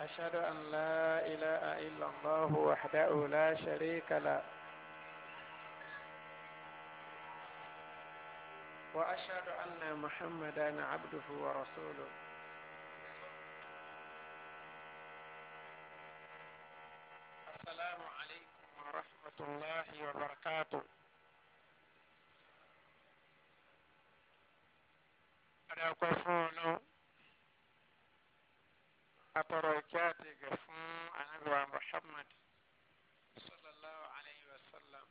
أشهد أن لا إله إلا الله وحده لا شريك له وأشهد أن محمدا عبده ورسوله السلام عليكم ورحمة الله وبركاته أنا أقول atọrọ ìkẹ́ àtẹ̀gẹ̀ fún anabiwa muhammad sallallahu alayhi wa sallam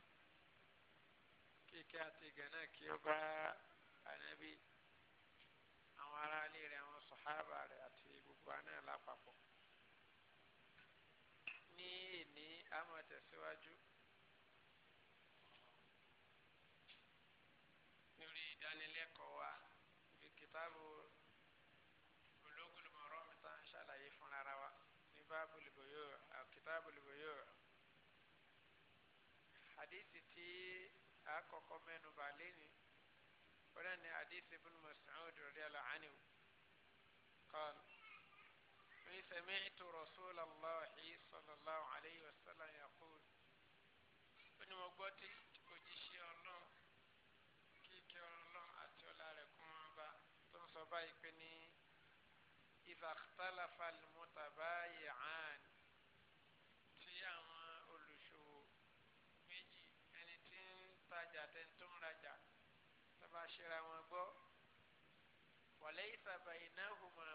kíkẹ́ àtẹ̀gẹ̀ náà kí ó bá anabi àwọn aráàlú rẹ̀ àwọn sàhábà rẹ̀ àti gbogbo anáà lápapọ̀ ní ìní amọ̀tẹ̀sí. àkọ́kọ́ mẹ́nu bà lẹ́ni ọ̀rẹ́ ni hadith ibn Mas'ud radiyallahu anhu قال سمعت رسول الله صلى الله عليه وسلم يقول ابن مقبتي فأخرجناهما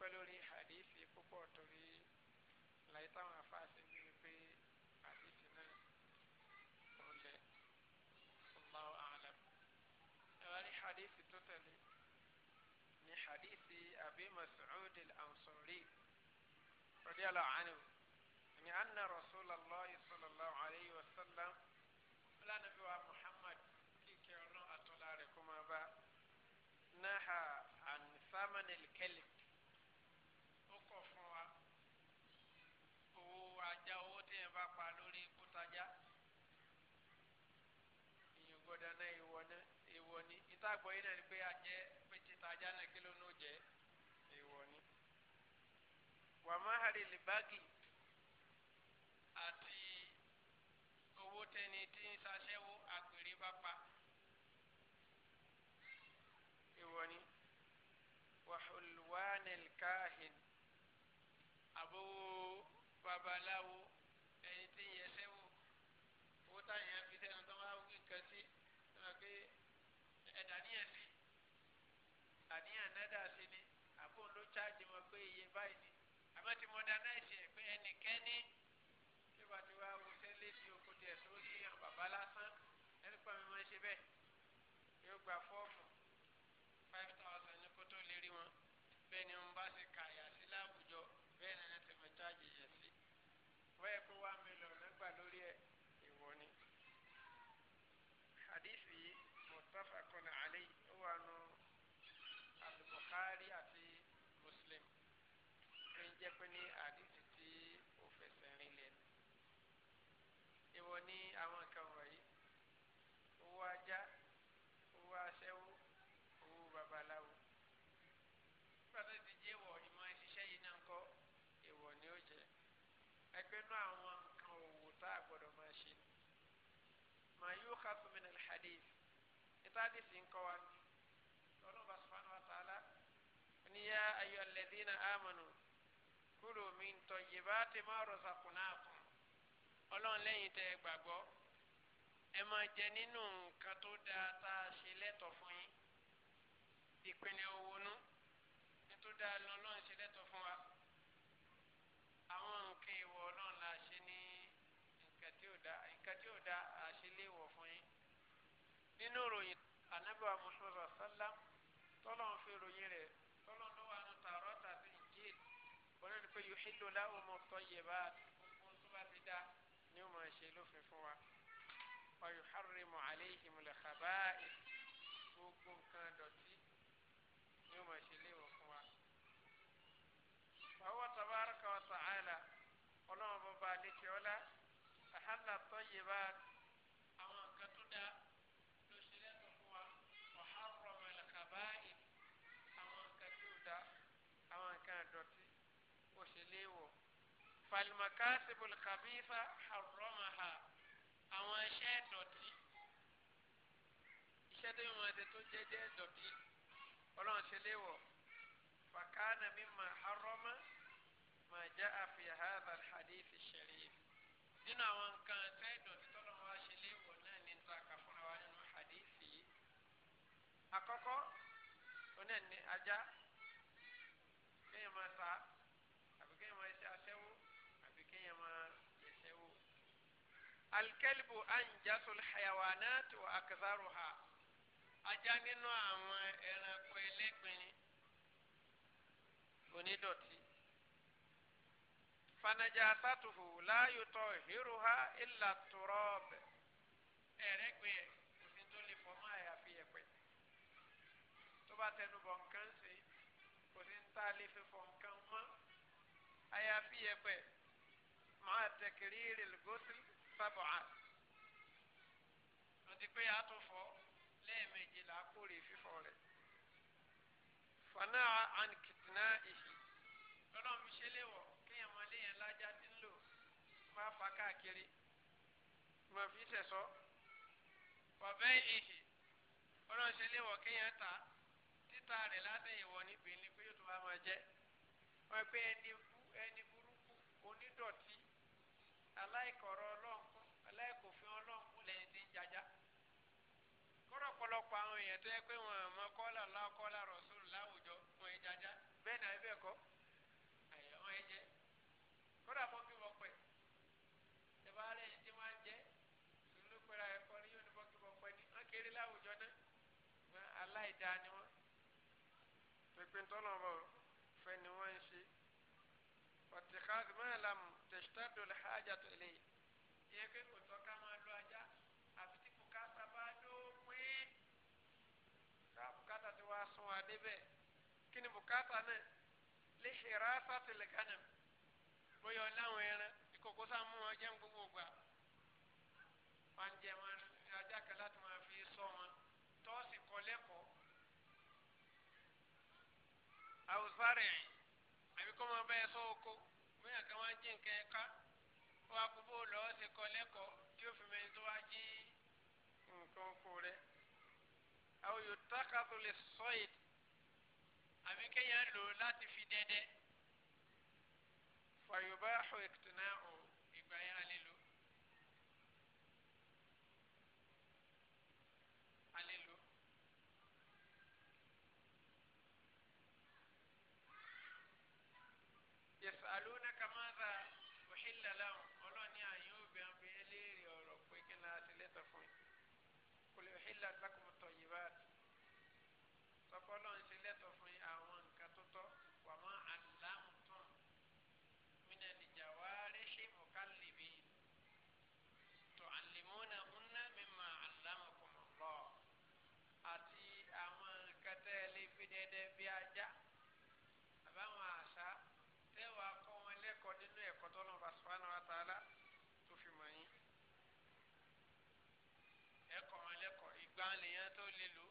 pẹ́ lórí hadithi púpọ̀ torí láyé táwọn afáàsì ń gbé pé hadithi náà ó lẹ̀ Allahu a'lam. ẹ̀wá ní hadithi tó tẹ̀lé ní hadithi Abi Mas'ud al-Ansari radiyallahu anhu ní anna rasul. tá a gbọ́ yín náà ni pé ajẹ́ pété tajá náà kí ló ní ó jẹ́ èèwọ̀ ni. wàmáhàlì lè báàgì àti owó tẹni tí ń ṣaṣẹ́wó àgbèrè bá pa èèwọ̀ ni. wàhùlùwánìl káhìn àbówó babaláwo. modernize ẹ̀ pé ẹnikẹ́ni. ìtàdí sì ń kọ́ wa ọlọ́ba sùfàánù wa tààlà ní yá ayọ̀ alladhina amanu kulu min tayyibati ma razaqnakum ọlọ́run lẹ́yìn tẹ́ ẹ gbàgbọ́ ẹ máa jẹ nínú nǹkan tó dáa tá a ṣe lẹ́tọ̀ fún yín ìpínlẹ̀ owónú ní tó dáa lọ́lọ́run ṣe lẹ́tọ̀ wa àwọn nǹkan ìwọ ọlọ́run la ṣe ní nǹkan tí ò dáa nǹkan tí ò dáa àṣeléwọ̀ fún yín nínú ìròyìn ànábì wa Muhammad sallam tọ́lọ́n fi ròyìn rẹ̀ tọ́lọ́n ló wà nù tààrọ́ tàbí Injil oní ni pé yuhillu lahumut tayyibat ohun tó bá ti dá ni ó máa ṣe lófin fún wa wa yuharrimu alayhimul khaba'ith. falimakasibul khabitha haramaha àwọn iṣẹ́ dọ̀tí iṣẹ́ tó yẹ wọn ṣe tó jẹ́jẹ́ dọ̀tí ọlọ́run ṣe léwọ̀ fakana mimma harama ma jaa fi hadha alhadith alsharif nínú àwọn nǹkan tẹ́ dọ̀tí tọ́lọ́ wa ṣe léwọ̀ náà ní ta fúnra wa nínú hadith yìí àkọ́kọ́ onáà ní ajá. alikẹ́lìbù anjasul hayawanat wa akzaruha ajá nínú àwọn ẹranko ẹlẹ́gbin onídọ̀tí fanajasatuhu la yutahhiruha illa turab ẹ̀rẹ́gbin ẹ̀ kò sí tó lè fọmọ́ àyàfi ẹ̀pẹ́ tó bá tẹnu bọ̀ nǹkan ṣe kò sí ń tá lè fi fọ nǹkan mọ́ àyàfi ẹ̀pẹ́ máa tẹ̀kìrì rẹ̀ lgọ́sìlì sábọ̀à àti pé a tún fọ lẹ́ẹ̀mejì là á kórè fífọ̀ rẹ̀ fana ankitina ìhì lọ́dọ̀ mi ṣe léwọ̀ kéèyàn máa léèyàn lájà tí ń lò máa fa káàkiri máa fi sẹ̀sọ́ wàbẹ́ ìhì lọ́dọ̀ ṣe léwọ̀ kéèyàn ta títa rẹ̀ látẹ̀yẹ̀wọ̀ níbi ní pé yóò tó wá máa jẹ́ wọ́n pe ẹni burúkú onídọ̀tí aláìkọ̀rọ̀ ọlọ́ọ̀. ọ̀pọ̀lọpọ̀ àwọn èèyàn tó yẹ pé wọn àmọ́ kọ́là lákọ́là rọ̀ṣùn láwùjọ wọn ẹ jaja bẹ́ẹ̀ náà bẹ́ẹ̀ kọ́ àyà wọn ẹ jẹ kódà bọ́kì bọ́pẹ́ ìbá rẹ̀ ti máa ń jẹ sùúrù pẹ̀lú ẹ̀kọ́ ní yóò ní bọ́kì bọ́pẹ́ ní wọn kéré láwùjọ náà aláìda ni wọn pínpín tọ́lọ̀ bọ̀ fẹ́ ni wọ́n ń ṣe ọ̀tí ká mẹ́rin làm tẹ̀sítàdùn hajj àtọ̀lẹ́yìn ìyẹn pé kò tọ́ka bùkátà náà lè ṣèrà sátìlẹ̀ gánà bóyá ọláwọn ẹran ìkókó sáà mú wọn jẹun gbogbo gbà wọn jẹ wọn ajá kan láti máa fi sọ wọn tọ́sí kọ lẹ́kọ̀ọ́ àwùsárẹ̀ àbí kọ́ máa bẹ́ẹ̀ sọ oko bóyá kan wá jí nǹkan ẹ̀ka ó wá gbogbo lọ́ọ́ ṣe kọ lẹ́kọ̀ọ́ tí ó fi mẹ́rin tó wá jí nǹkan oko rẹ̀ àwọn yòókù lè sọ èdè àbí kéèyàn lò láti fi dẹ́dẹ́ fàyọ̀bá ẹ̀kútù náà gbàǹ lèèyàn tó lè lò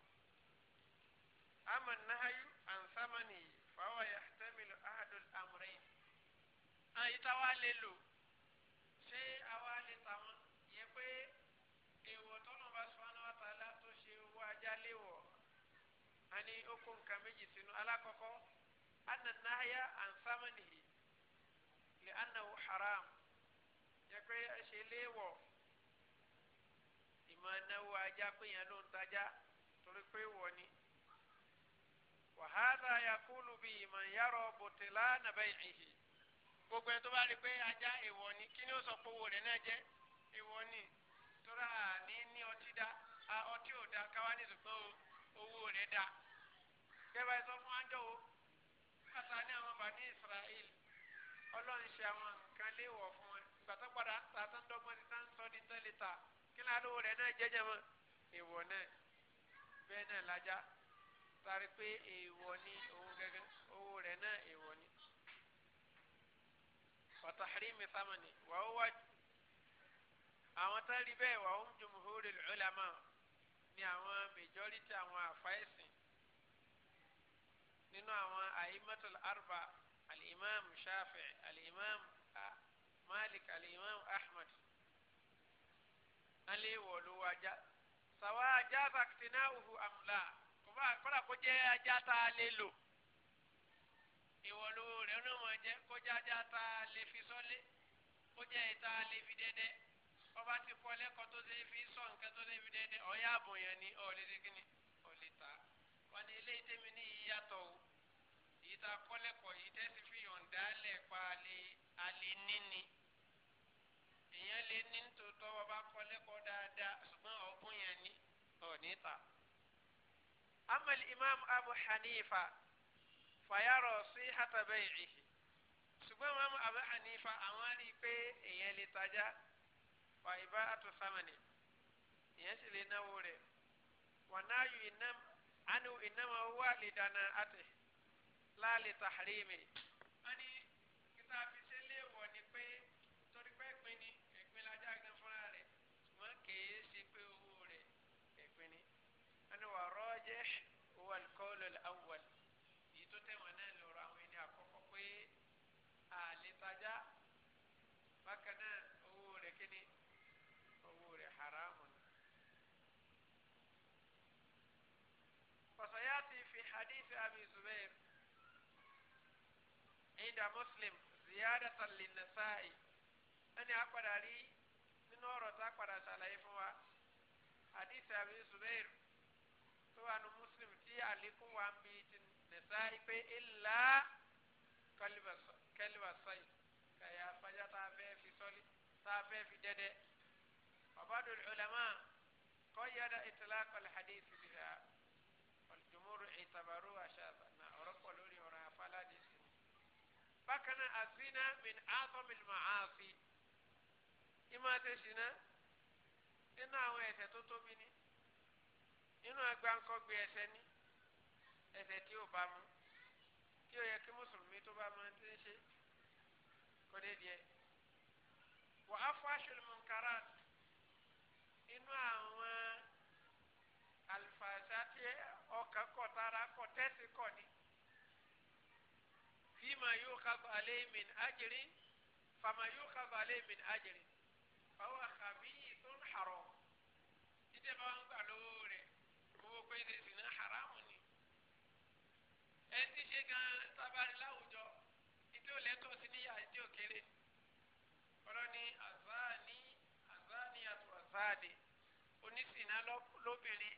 ama nahayu ansamani fawa yahtamilu ahadul amrayn ayi ta wa lè lò ṣé àwa lè ta wọn yẹ pé èèwọ̀ tọ́nà bá sọ́nà wa tó ṣe owó ajá léwọ̀ ani ó kó nǹkan méjì sínú alákọ̀ọ́kọ́ ana nahaya ansamani li annahu haram yẹ pé ṣe léwọ̀ máa náwó ajá pé yẹn ló ń tajá torí pé wọ̀ ni. wàhálà yakulu bíi ìmọ̀ yàrá bòtìlá nàbẹ́ ìhì gbogbo ẹni tó bá rí i pé ajá èèwọ̀ ni kí ni ó sọ pé owó rẹ̀ náà jẹ́ èèwọ̀ ni torí àní ní ọtí dá ọtí ò dá káwá ní ṣùgbọ́n owó rẹ̀ dá. gẹ́gẹ́ sọ fún ájọ́ o ní àwọn bàbá ní Israel ọlọ́run ṣe àwọn nǹkan léèwọ̀ fún wọn ìgbà tó padà tàtàndọ́gbọ́n ti tá sọ ní tẹ́lẹ̀ ta kí ládùúgbò rẹ̀ náà jẹ́jẹ́ mọ́ èèwọ̀ náà bẹ́ẹ̀ náà lájá sáré pé èèwọ̀ ni owó gẹ́gẹ́ owó rẹ̀ náà èèwọ̀ ni. wàtàrí mi sámánì wà ó wá àwọn tá rí bẹ́ẹ̀ wà ó ń jumhuri ulama ni àwọn majority àwọn àfáìsìn nínú àwọn àyímọ́tòl arba al shafi al ah, malik al-imam alẹ́ wọ̀ ló wá ajá sàwa ajá bàtìnà òhù àmúlà kọ́dà kó jẹ́ ajá tá a lè lò ìwọ̀ ló rẹ̀ náà mọ̀ jẹ́ kó jẹ́ ajá tá a lè fi sọ́lé kó jẹ́ ìta lè fi dẹ́dẹ́ ọba ti kọ́ lẹ́kọ̀ọ́ tó ṣe fi sọ nǹkan tó lè fi dẹ́dẹ́ ọ̀yá àbùn yẹn ni ọ̀lẹ́dẹ́ kí ni ọ̀lẹ́ ta wọn ni eléyìí tẹ́mi ní ìyàtọ̀ o èyí tá a kọ́ lẹ́kọ̀ọ́ fi yọ̀ǹda lẹ̀ pa alẹ́ alẹ́ níní èèyàn lè ní nítorí. أما الإمام أبو حنيفة فيرى صحة بيعه ṣùgbọ́n ìmáàmù Abu Hanifa àwọn rí i pé èèyàn lè tajà wà ìbá àtúnṣámánì èèyàn sì lè náwó rẹ̀ wọn náà yù ìnám àni ìnáma wà lè dáná àtẹ láàlè tàhírímì. wọ́n ní kíta fi inda muslim ziyadatan linnasa'i ẹni àpàdà rí nínú ọ̀rọ̀ tá a padà ṣàlàyé fún wa hadith abi zubair tó wà ní muslim tí àlékún wa ń bi ti nasa'i pé illa kẹlíwàsáì kàyà fàjà tá a fẹ́ fi sọ́lí tá fi dẹ́dẹ́ ọ̀bádùn ulama qayyada itlaq al-hadith biha wal jumhur i'tabaruha bákan náà azina min azamil ma'asi ìmọ̀ àtẹ̀sínà inú àwọn ẹ̀ṣẹ̀ tó tóbi ni inú agbáńkọ́gbé ẹ̀ṣẹ̀ ni ẹ̀ṣẹ̀ tí ò bá mu tí ó yẹ kí mùsùlùmí tó bá máa ti ń ṣe kó dé díẹ̀ wà á fọ́ aṣọ lùmọ̀nkárà inú àwọn. bima yukhadhu alayhi min ajrin fama yukhadhu alayhi min ajrin fahuwa khabithun haram jíjẹ bá ń gbà lówó rẹ owó pé ṣe sì ná haramu ni ẹ ti ṣe gan sábàrin láwùjọ ìdí ò lẹ́tọ̀ọ́ sí níyà ìdí ò kéré ọlọ́ni àzáàní àzáàní àtúwàzáàdì onísìnà lóbìnrin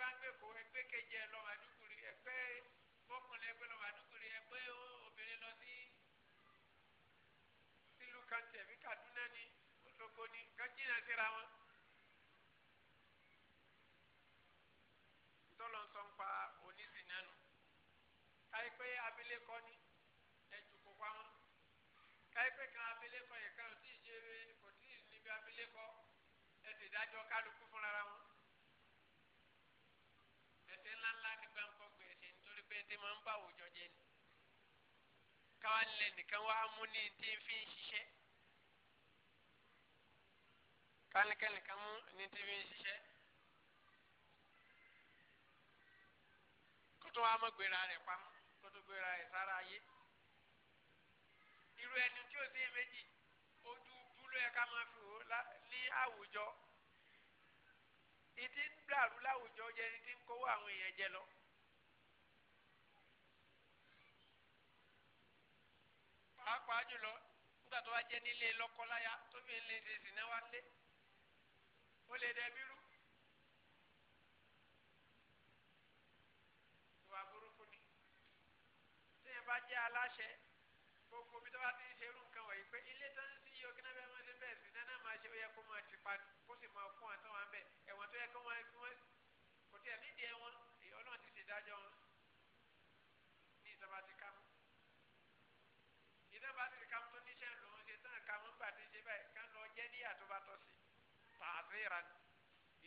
bá ń gbé kó ẹgbẹ́ kejì ẹ lọ́mọ àdúgbòrì ẹgbẹ́ fọkùnrin ẹgbẹ́ lọ́mọ àdúgbòrì ẹgbẹ́ obìnrin lọ sí sílùú kàǹtì ẹ̀mí Kaduna ni Òṣogbo ni nǹkan jìnnà síra wọn. tọ́lọ̀ ń sọ ń pa onísìnà nù káyipẹ́ abilékọ ni ẹ̀jù kò pa wọn káyipẹ́ kan abilékọ yẹn kan ò tí ì jẹ́ kò tí ì níbi abilékọ ẹ̀sìn ìdájọ́ kálukú bá àwùjọ jẹ ni káwá lẹ̀ nìkan wá mú ní tí n fi ń ṣiṣẹ́ kánikẹ́ nìkan mú ní tí n fi ń ṣiṣẹ́ kótó wa mọ̀ gbéra rẹ̀ pa kótó gbéra rẹ̀ sára ayé irú ẹni tí ó sì méjì ojú búlọ yẹ ká máa fi wò ní àwùjọ ìdí ń dàrú láwùjọ jẹ ní ti ń kówó àwọn èèyàn jẹ lọ. pàápàá jùlọ nígbà tó wá jẹ́ nílé lọ́kọ́láya tó fi ń lè ṣe ìsìnà wá lé ó lè dẹ bírú. ìwà burúkú ni tíyẹn bá jẹ́ aláṣẹ gbogbo bí tó bá ti ń ṣerú nǹkan wọ̀nyí pé ilé tó ń sí yìí kí náà bẹ́ẹ̀ máa ṣe bẹ́ẹ̀ sí náà máa ṣe ó yẹ kó máa ti pa nù.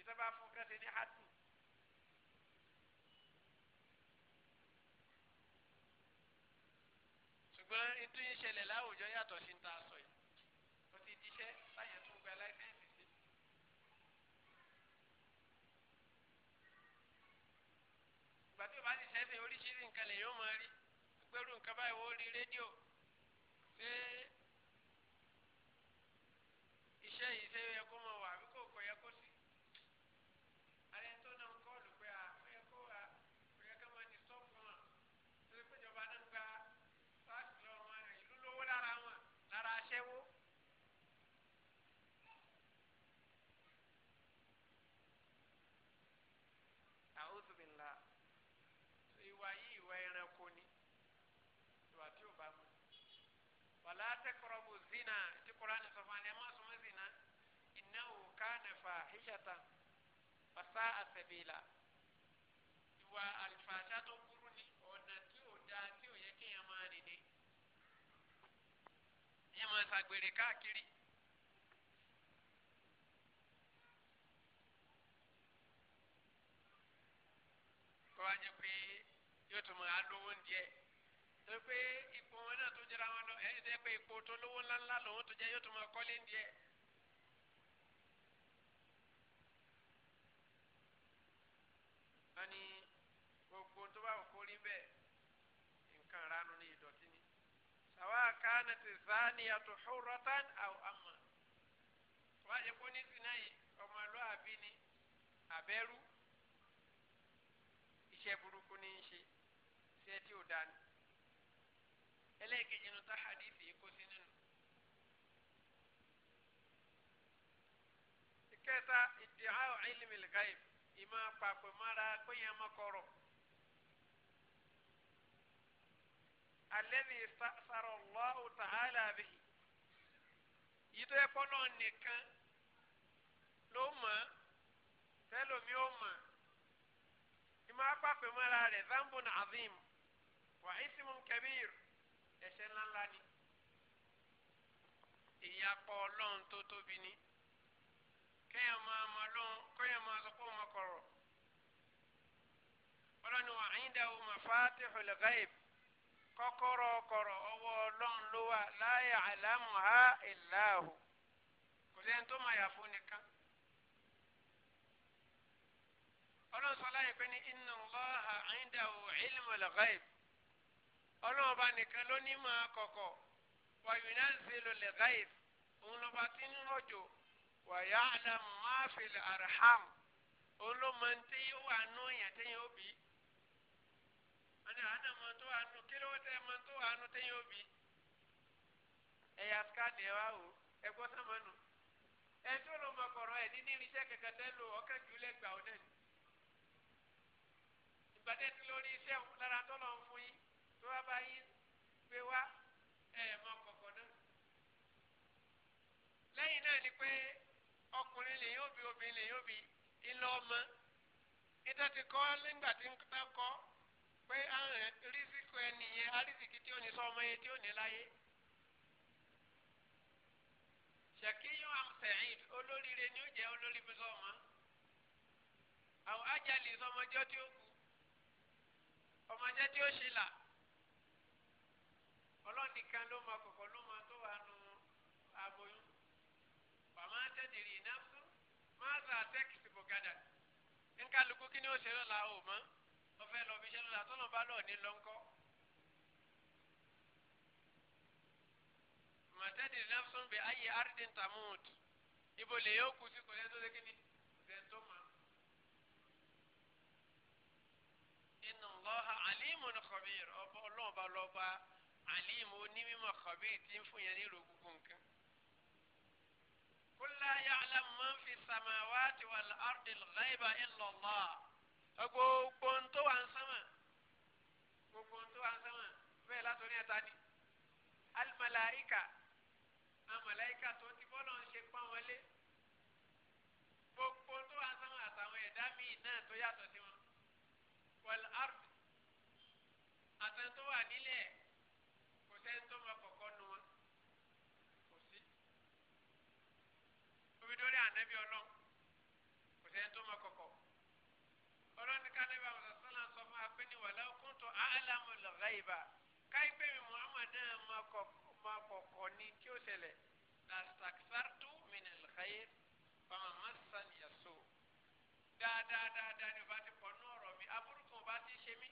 èyí tó bá fún kẹsẹ̀ ní hadu. ṣùgbọ́n ètò yìí ṣẹlẹ̀ láwùjọ yàtọ̀ sí ta sọ yìí ó ti díṣẹ́ láyé tó gba láìsẹ̀nsì sí. ìgbà tí o bá ti sẹ́sẹ̀ oríṣiríṣi nǹkan lè yóò máa rí gbẹ́rù nǹkan báyìí wọ́n rí rédíò ṣé iṣẹ́ yìí ṣe kana fahishatan wa sa'a sabila ìwà àlùfàṣà tó burú ni ọ̀nà tí ò dáa tí ò yẹ kéèyàn máa rìn ní. ìyẹn máa ṣàgbèrè káàkiri. kọ́ wá jẹ́ pé yóò tún máa lówó ń jẹ́ tó pé ipò wọn náà tó jẹra wọn lọ ẹ̀yìn tó yẹ pé ipò tó lówó ńláńlá lòun tó jẹ́ yóò tún máa kọ́lé ń jẹ́. kanat zaniyatu hurratan aw amma tó bá jẹ́ pé ní sinayi ọmọlúwàbí ni abẹ́rú iṣẹ́ burúkú ní í ṣe ṣe tí ò dání ẹlẹ́ẹ̀kejì nu tá hadithi kó sí nínú. ìkẹta ilmi al-ghaib ìmọ̀ àpapọ̀ mọ́ra pé yẹn alladhi sa'sara Allahu ta'ala bihi yìí tó yẹ kọ́ náà nìkan ló mọ̀ tẹ́lómi ó mọ̀ ìmọ̀ apáfẹ́ mọ́ra rẹ̀ zambun azim wa ismun kabir ẹ̀ṣẹ̀ ńláńlá ni ìyapọ̀ ọlọ́run tó tóbi ni kéèyàn máa mọ ọlọ́run kéèyàn máa sọ pé ọmọ kọ̀rọ̀ ọlọ́run wa indahu mafatihul ghaib kọ́kọ́rọ́ kọ̀rọ̀ ọwọ́ ọlọ́run ló wà la ya'lamuha illa hu kò sẹ́ni tó máa yà fún nìkan. ọlọ́run sọ láyé pé ní inna Allaha 'indahu 'ilmul ghaib ọlọ́run ọba nìkan ló ní máa kọ̀kọ̀ wa yunazzilul ghaib òun lọ́ba tí ń rọ̀jò wa ya'lamu ma fil arham òun ló máa ń tẹ́yẹ̀ wà nù yàn tẹ́yẹ̀ wọn ana àánà mọ tó àánú kí ló tẹ mọ tó àánú téyàn òbí ẹyà skáàdì ẹ wá wò ẹ gbọ́ sọ́mọ́nù ẹ tó ló mọ kọ̀rọ̀ ẹ níní irinṣẹ́ kẹkẹ tẹ lò ọkàn jù lẹ́gbà ọ náà ìgbàdé tí lórí iṣẹ́ lára tó lọ fún yín tó wá bá yín gbé wá ẹ mọ kọ̀kọ̀ náà lẹ́yìn náà ni pé ọkùnrin lè yóò bí obìnrin lè yóò bí ilé ọmọ nítorí kọ́ nígbà tí ń kọ́ pé rísíkù ẹni yẹn arísìkì tí ó ní sọ ọmọ yẹn tí ó ní láyé. ṣèkíyàn amsẹ̀yìn olóríire ni ó jẹ́ olórí mi sọ́mọ. àwọn ajalè sọmọjọ́ tí ó kú ọmọjẹ́ tí ó ṣe là ọlọ́nìkan ló mọ kọ̀kọ́ ló mọ tó wà nù aboyún. bàmá tẹ̀dìrì náà fún máa sà tẹ́kìtì bọ̀gádà. nkálukú kí ni ó ṣe lọ́la ò mọ́ fẹ́ lọ fi ṣe lọ́la tó lọ́n bá lọ́ọ̀ ní lọ́ńkọ́. màtẹ́tì nafsun bẹ ayé ardin tamud ibo lè yóò kú sí kò lẹ́nu tó lé kíni zẹ́ntó ma. inna Allaha alimun khabir ọba ọlọ́ọ̀ba lọ́ba alimu onímọ̀ khabir ti ń fún yẹn ní ìrògùn nǹkan. kula ya'lamu man fi samawati wal ardil ghaiba illa Allah gbogbo ń tó wà ń sánmà gbogbo ń wà ń sánmà bẹ́ẹ̀ látọ̀rí ẹ̀ta ni alimalaika amalaika tó ti bọ́lọ̀ ń ṣe pọ́n wọlé gbogbo tó wà ń sánmà àtàwọn ẹ̀dá míì náà tó yàtọ̀ sí wọn wal ard àtẹ̀ntó wà nílẹ̀ kò sẹ́ńtó mọ kọ̀kọ́ nu wọn kò sí omi dórí ànábì ọlọ́run kò sẹ́ńtó mọ kọ̀kọ́ anabi àwọn sọ̀sọ́nà sọ fún apẹ́ni wàlá kúntù àlàmù lọ́gáìbà káyipẹ́ mi muhammad náà máa kọ̀kọ̀ ní tí ó ṣẹlẹ̀ làṣàkṣàtú mìíràn lọ́gáyé fama masan yaso dáadáa dáadáa ni o bá ti pọ̀ nú ọ̀rọ̀ mi aburú kan ti ṣe mí.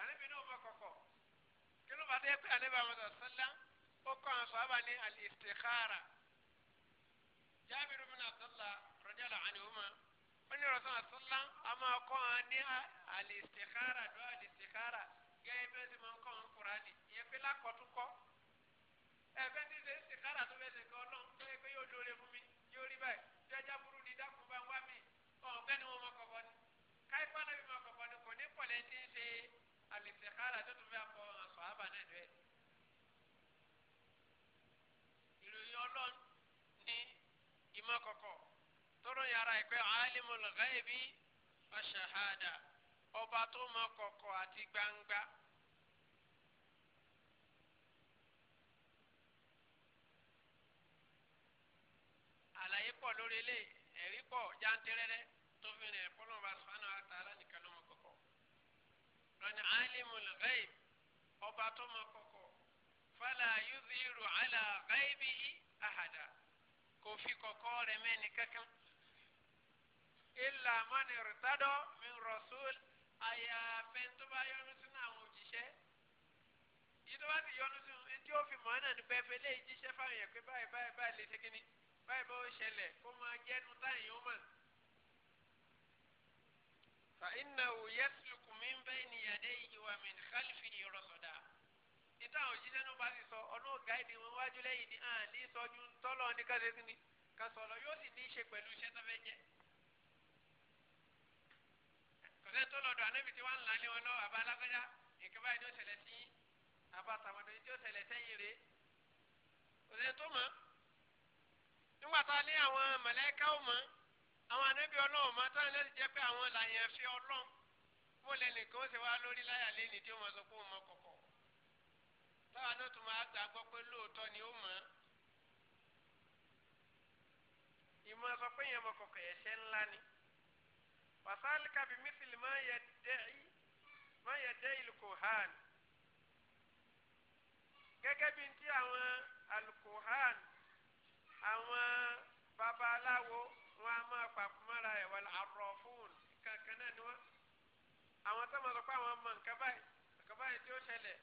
anabi náà máa kọ̀kọ̀ kí ló bá dé anabi àwọn sọ̀sọ́nà ó kọ́ àwọn sọ̀hábà ní al-istikhara jábìrì bin abdullah rọjàlá àníwòmá wọ́n ní rọ̀sán àtúnlá a máa kọ́ wọn ní a dọ́ àlèsèkára gẹ́gẹ́ bí wọ́n ti máa ń kọ́ wọn Kùránì ìyẹn pé lákọ̀ọ́túnkọ́ ẹ̀fẹ́ ti ṣe sèkára tó fẹ́ sèkọ́ náà tó yẹ pé yóò lóore fún mi yóò rí báyìí jọjá burú ni dákun bá wá mi ọ̀gbẹ́ni wọn máa kọ̀kọ́ ni káyipá náà bí máa kọ̀kọ́ ni kò ní pọ̀lẹ́ ti ṣe àlèsèkára tó tún fẹ́ kọ́ àṣọ àbà náà lọ́ẹ̀. ìròyìn ọlọ́run ní ìmọ̀ tọrọ yàrá ìpẹ́ alimul ghaibi wa shahada ọba tó mọ kọ̀kọ̀ àti gbangba. àlàyé pọ̀ lórí ilé ẹ̀rí pọ̀ jántẹ́rẹ́rẹ́ tó fi rìn ẹ̀kọ́ lọ́wọ́ subhanahu wa ta'ala nìkan ló mọ kọ̀kọ̀. lọ́ni alimul ghaib ọba tó mọ kọ̀kọ̀ fala yudhiru ala ghaibihi ahada kò fi kọ̀kọ̀ rẹ̀ mẹ́ni kankan ilà mọ́ni rìtádọ́ mi rasul àyàfẹ́ tó bá yọnu sínú àwọn òjíṣẹ́ yìí tó bá ti yọnu sínú tí ó fi mọ́ náà ní pẹ́ẹ́pẹ́ lé ìjíṣẹ́ fáwọn yẹn pé báyìí báyìí báyìí lè ṣe kínní báyìí bó ṣẹlẹ̀ kó máa jẹ́nu táyì yóò mọ̀. fa innahu yasluku min bayni yadayhi wa min khalfihi rasada níta àwọn òjíṣẹ́ náà bá ti sọ ọdún ọ̀gá ìdí wọn wájú lẹ́yìn ní àní sọ́jú tọ́lọ́ ní kásẹ́sí ni kásọ̀lọ́ yóò ní í àtẹ tó lọ́dọ̀ anabi tí wọ́n ń lanlé wọn lọ àbá alágbájá nǹkan báyìí ni ó ṣẹlẹ̀ sí àbá tàmọ̀dọ̀ tí ó ṣẹlẹ̀ sẹ́yìn rè òṣèlú tó mọ̀ nígbà tá a ní àwọn màláíkà ò mọ̀ àwọn anabi ọlọ́run mọ̀ táwọn ẹlẹ́sìn jẹ́ pé àwọn làyẹn fi ọlọ́run mo lẹ nìkan ó ṣe wá lórí láyà lẹ́ni tí ó mọ̀ sọ pé ó mọ̀ kọ̀kọ̀ táwa náà tún máa gbàgbọ́ pé lóòótọ́ ni ó mọ̀ ìmọ̀ sọ pé yẹn mọ̀ kọ̀kọ̀ ẹ̀ṣẹ̀ ńlá ni. وذلك بمثل ما يدعي ما يدعي الكهان gẹ́gẹ́ bí ti àwọn alukohan àwọn babaláwo wọn a máa papọ̀ mọ́ra ẹ̀ wọ́n arọ̀fún kankan náà ni wọ́n àwọn tó máa sọ pé àwọn ọmọ nǹkan báyìí nǹkan báyìí tí ṣẹlẹ̀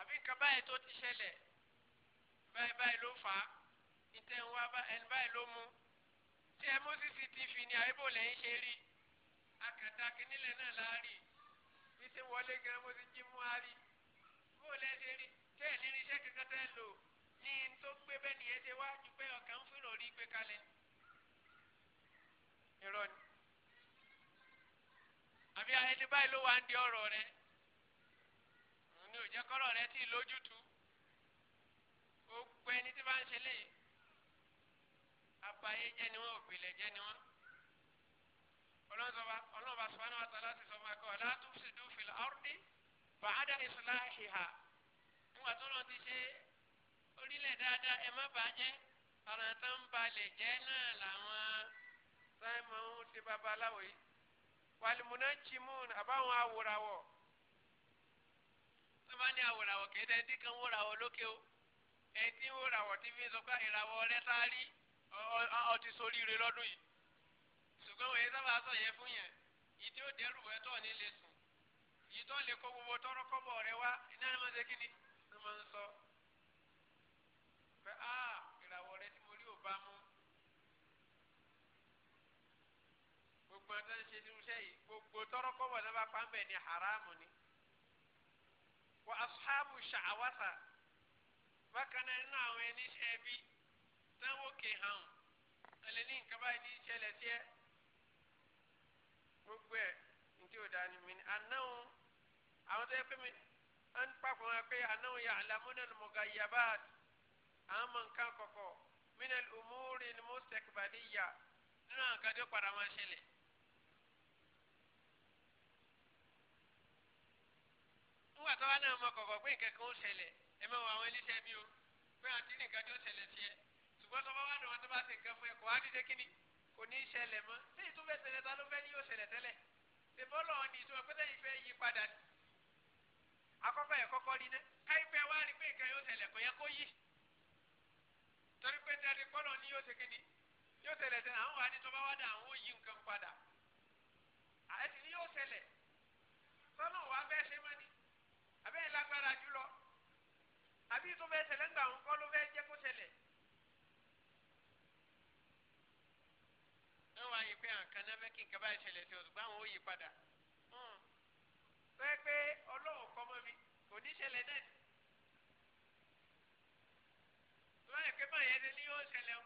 àbí nǹkan báyìí tó ti ṣẹlẹ̀ báyìí báyìí ló fà á ìtẹ̀ ẹni báyìí ló mú tí ẹ mú cctv ní àyíbò lẹ́yìn ṣe rí akàtà kìnìlẹ̀ náà láàrí bí ṣe wọlé gan mo ti jí mú àárí bó lẹ́ ṣe rí tẹ́ ẹ̀ ní irinṣẹ́ kankan tẹ́ lò ní n tó gbé bẹ́ẹ̀ nìyẹn ṣe wá ju pé ọ̀kan ń fìrò rí gbé kalẹ̀ irọ́ ni àbí ẹni báyìí ló wà ń di ọ̀rọ̀ rẹ ní òjẹ́kọ́rọ̀ rẹ tí lójútu gbogbo ẹni tí bá ń ṣe léyìí abayé jẹ́ ni wọ́n òpìlẹ̀ jẹ́ ni wọ́n. ọlọ́ọ̀bá sọ́wọ́n náà tọ́lá ti sọ fún akọ́ ọ̀la tó sì dùn fìlà ọ́rùdí bàádà ìsìlá ìhà. nígbà tó lọ́n ti ṣe orílẹ̀ dáadáa ẹ má bàá jẹ́ ọ̀ràn tó ń balẹ̀ jẹ́ náà làwọn sáìmọ̀ ń ṣe babaláwo yìí. wàlùmùnà chimun àbáwọn awòràwọ̀ tó bá ní awòràwọ̀ kéde ẹni kan wòràwọ̀ lókè o ẹni tí wòràwọ̀ tí fi sọ pé ìràwọ̀ rẹ sáà rí. ọ ti ṣoríire lọ́dún yìí ṣùgbọ́n òye sábà sọ ya fún yẹn yìí tí ó dẹrù ẹ tọ́ ní lè sùn yìí tó lè kó gbogbo tọrọ kọ́bọ̀ rẹ wá iná ni wọ́n ṣe kí ni wọ́n máa ń sọ pé a ìràwọ̀ rẹ tí mo rí ò bá mú gbogbo ẹ̀ tó ń ṣe irúṣẹ́ yìí gbogbo tọrọ kọ́bọ̀ náà bá pa ń bẹ̀ ní haramu ni wa ashabu sha'awata bákan náà nínú àwọn ẹni ṣẹ́ bíi. sanwó ke hàn ẹlẹ ní nǹkan báyìí ní ìṣẹ̀lẹ̀ tiẹ̀ gbogbo ẹ ntí o da ni mi ni anáwó àwọn tó yẹ pé mi ń pàpọ̀ wọn pé anáwó yà àlámúnà lùmọ̀gá yàbá àwọn ọmọ nǹkan kọ̀kọ̀ minal umuri ni mustaqbaliya nínú àwọn kan tó padà máa ṣẹlẹ̀. nígbà tó wá náà mọ kọ̀kọ̀ pé nǹkan kan ó ṣẹlẹ̀ ẹ mọ̀ wọ àwọn iléeṣẹ́ bí o pé àti nǹkan tó ṣẹlẹ̀ tiẹ̀ ṣùgbọ́n tó bá wà lọ́wọ́ tó bá ti nǹkan fún ẹ kò wá dídé kínní kò ní í ṣẹlẹ̀ mọ́ ṣé ètò fẹ́ ṣẹlẹ̀ ta ló fẹ́ ní yóò ṣẹlẹ̀ tẹ́lẹ̀ ṣe bọ́ọ̀lù ọ̀hún ni ìtumọ̀ pẹ́sẹ́ yìí fẹ́ yí padà ní. akọ́kọ́ yẹ kọ́kọ́ rí ná káyipẹ́ wá rí pé nǹkan yóò ṣẹlẹ̀ kò yẹ kó yí. torí pé dáadé bọ́ọ̀lù ọ̀hún ni yóò ṣe kínní yóò ṣẹlẹ̀ tẹ́lẹ̀ àwọn wà ní tó bá wá dà àwọn yí nǹkan padà. àti ni yóò ṣẹlẹ̀ sọ́nà wà bẹ́ẹ̀ ṣe mọ́ ni àbẹ́ẹ̀ lágbára jùlọ àbí tó fẹ́ ṣẹlẹ̀ ńgbà òun kọ́ ló fẹ́ jẹ́ kó ṣẹlẹ̀ wá yí pé àǹkan náà fẹ́ nǹkan báyìí ṣẹlẹ̀ sí ọ̀dùgbọ́n àwọn ò yí padà hmm. pé ọlọ́run kọ́ mọ́ mi kò ní ṣẹlẹ̀ náà ni. Ìwọ́n yẹ pé báyìí ẹni ní yóò ṣẹlẹ̀ o.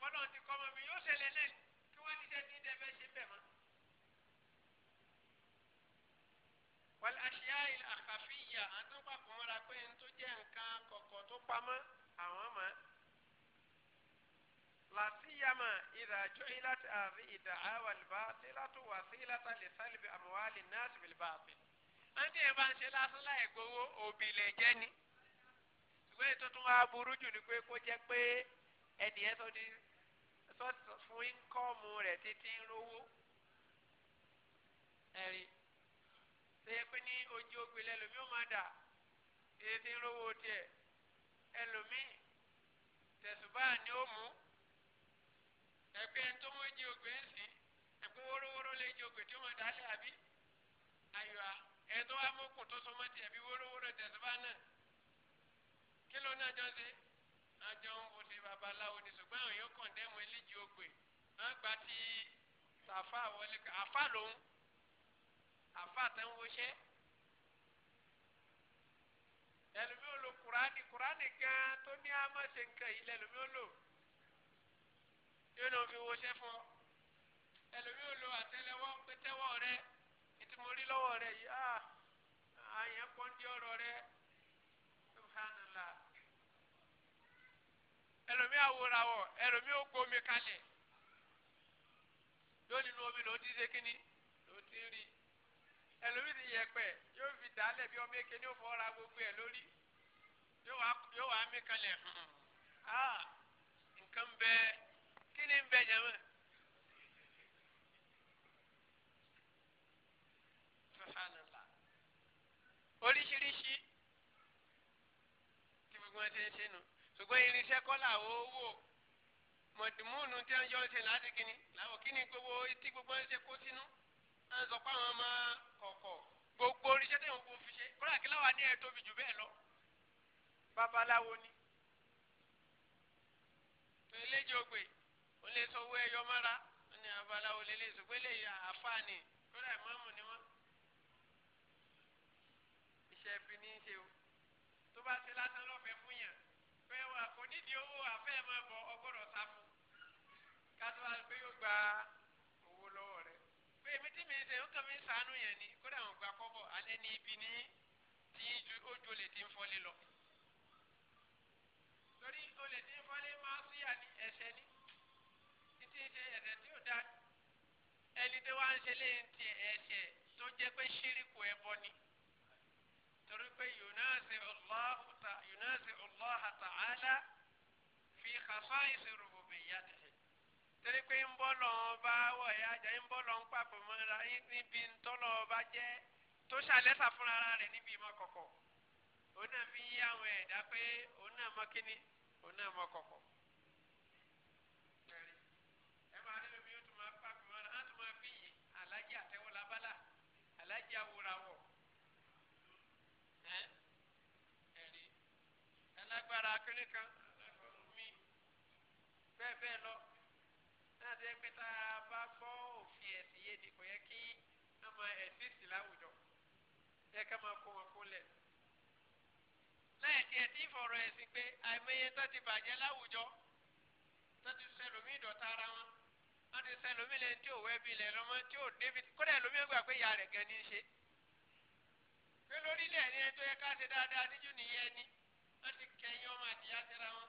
Bọ́lá ti kọ́ mọ́ mi yóò ṣẹlẹ̀ náà ni kí wọ́n ti ṣe ní ìdẹ́fẹ́ ṣe bẹ̀ mọ́. Wal ashiyai al akhafiyya àtúnpàpọ̀ pé ní tó jẹ́ nǹkan kọ̀ọ̀kan tó pamọ́ àwọn mọ̀ لاسيما إذا جعلت هذه الدعاوى الباطلة وسيلة لسلب أموال الناس بالباطل أنت يا بانشي لا صلاة يقول أوبي لجني ṣùgbọ́n ètò tó máa burú jù ni pé kó jẹ́ pé ẹnì yẹn tó di fún íńkọ́ọ̀mù rẹ̀ títí ń rówó ẹ̀rí ṣe é pé ní ojú ogbe lẹ́lòmíì ó máa dà títí ń rówó tiẹ̀ ẹlòmíì tẹ̀sùbáà ni ó mú ẹgbẹ́ tó mọ̀ jí ogbè ń sìn ẹgbẹ́ wórówóró lè jí ogbè tí ó mọ̀ dálé àbí ayọ̀ ẹ̀dọ́ amókùn tó so mọ́ tiẹ̀ bí wórówóró tẹ̀síwá náà kí ló náà jọ ṣe àjọ ń wo ṣe babaláwo ni ṣùgbọ́n àwọn èèyàn kàn dẹ́mu eléjì ogbè wọ́n gba ti àfa wọlé àfa lòun àfa tẹ́ ń woṣẹ́ ẹlòmíì ò lo kùránì kùránì gan tó ní àmọ́ ṣe nǹkan yìí lẹ́lòmíì ò lò yóò lọ fi wọṣẹ́ fún ọ ẹlòmíì ò lo àtẹ́lẹwọ́ pé tẹ́wọ́ rẹ ètò mo rí lọ́wọ́ rẹ yìí ah àyàn pọ́ńdé ọ̀rọ̀ rẹ subhanallah ẹlòmíì àwòràwọ ẹlòmíì ó gbómi kalẹ̀ yóò nínú omi lòó ti ṣe kínní lòó ti rí ẹlòmíì ti yẹpẹ yóò fi dàálẹ̀ bí ọmọ èké ní ó fọwọ́ra gbogbo ẹ̀ lórí yóò wá mí kalẹ̀ hàn hmm, hmm, hmm, ah nǹkan bẹ́ẹ̀ kí ni ń bẹ jẹ mọ́. oríṣiríṣi tí gbogbo wọn ti ń ṣe nù ṣùgbọ́n irinṣẹ́ kọ́là owó mọ̀dìmúnù tí wọ́n jọ ń ṣe láti kínní làwọn kínní gbogbo tí gbogbo ń ṣe kó sínú à ń sọ pé àwọn ọmọ kọ̀ọ̀kọ̀ gbogbo oríṣẹ́ tí wọ́n kò fi ṣe kọ́là kí láwa ní ẹ̀ tóbi jù bẹ́ẹ̀ lọ babaláwo ni eléjì ogbè ó lè sọ owó ẹyọ mọ́ra ó ní abaláwo lè lè sọ pé lè yà àfààní kódà ìmọ̀ọ́mù ni wọ́n. iṣẹ́ fi ní í ṣe o tó bá ṣe lásán lọ́fẹ̀ẹ́ fún yàn pé wọn kò nídìí owó àfẹ́ máa bọ̀ ọgọ́dọ̀ sá fún ká tó wá pé yóò gba owó lọ́wọ́ rẹ̀ pé èmi tí mi ń ṣe ó kàn mí sànú yẹn ni kódà wọn gbà kọ́bọ̀ alẹ́ ní ibi ní tí ó jolè ti ń fọ́lé lọ torí olè tí ń fọ́lé máa ń ti ṣe ẹ̀ṣẹ̀ tí ò da ẹni tí wọ́n á ń ṣe léyìn ti ẹ̀ṣẹ̀ tó jẹ́ pé ṣíríkù ẹbọ ni torí pé yunasi Allah ta'ala fi khasa'is rububiyyatihi torí pé ń bọ́ lọ́wọ́ bá wọ̀ ẹ́ ajá ń bọ́ lọ́wọ́ papọ̀ mọ́ra níbi ń tọ́ lọ́wọ́ bá jẹ́ tó ṣàlẹ́sà fúnra rẹ̀ níbi ìmọ̀ kọ̀kọ̀ òun náà fi yí àwọn ẹ̀dá pé òun náà mọ kíní òun náà mọ kọ̀kọ̀. alágbára kínní kan mi bẹ́ẹ̀ bẹ́ẹ̀ lọ náà ti pé tá a bá gbọ́ òfin ẹ̀sìn yé ni kò yẹ kí wọ́n máa ẹ̀sìn sí láwùjọ yẹ ká máa kó wọn kó lẹ̀. láì tiẹ̀ tí ẹ̀sìn pé àìmọye tó ti bàjẹ́ láwùjọ tó ti sẹlòmí ìdọ̀tá ara wọn wọ́n ti sẹlòmí lẹ́yìn tí ò wẹ́bi lẹ̀ lọ́mọ tí ò débi kódà ẹlòmí gbà pé ìyá rẹ̀ gan ni í ṣe. pé lórílẹ̀ ni ẹni tó yẹ ká ṣe dáadáa níjú nìyẹn ni láti kẹyìn ọmọ àdìyá síra wọn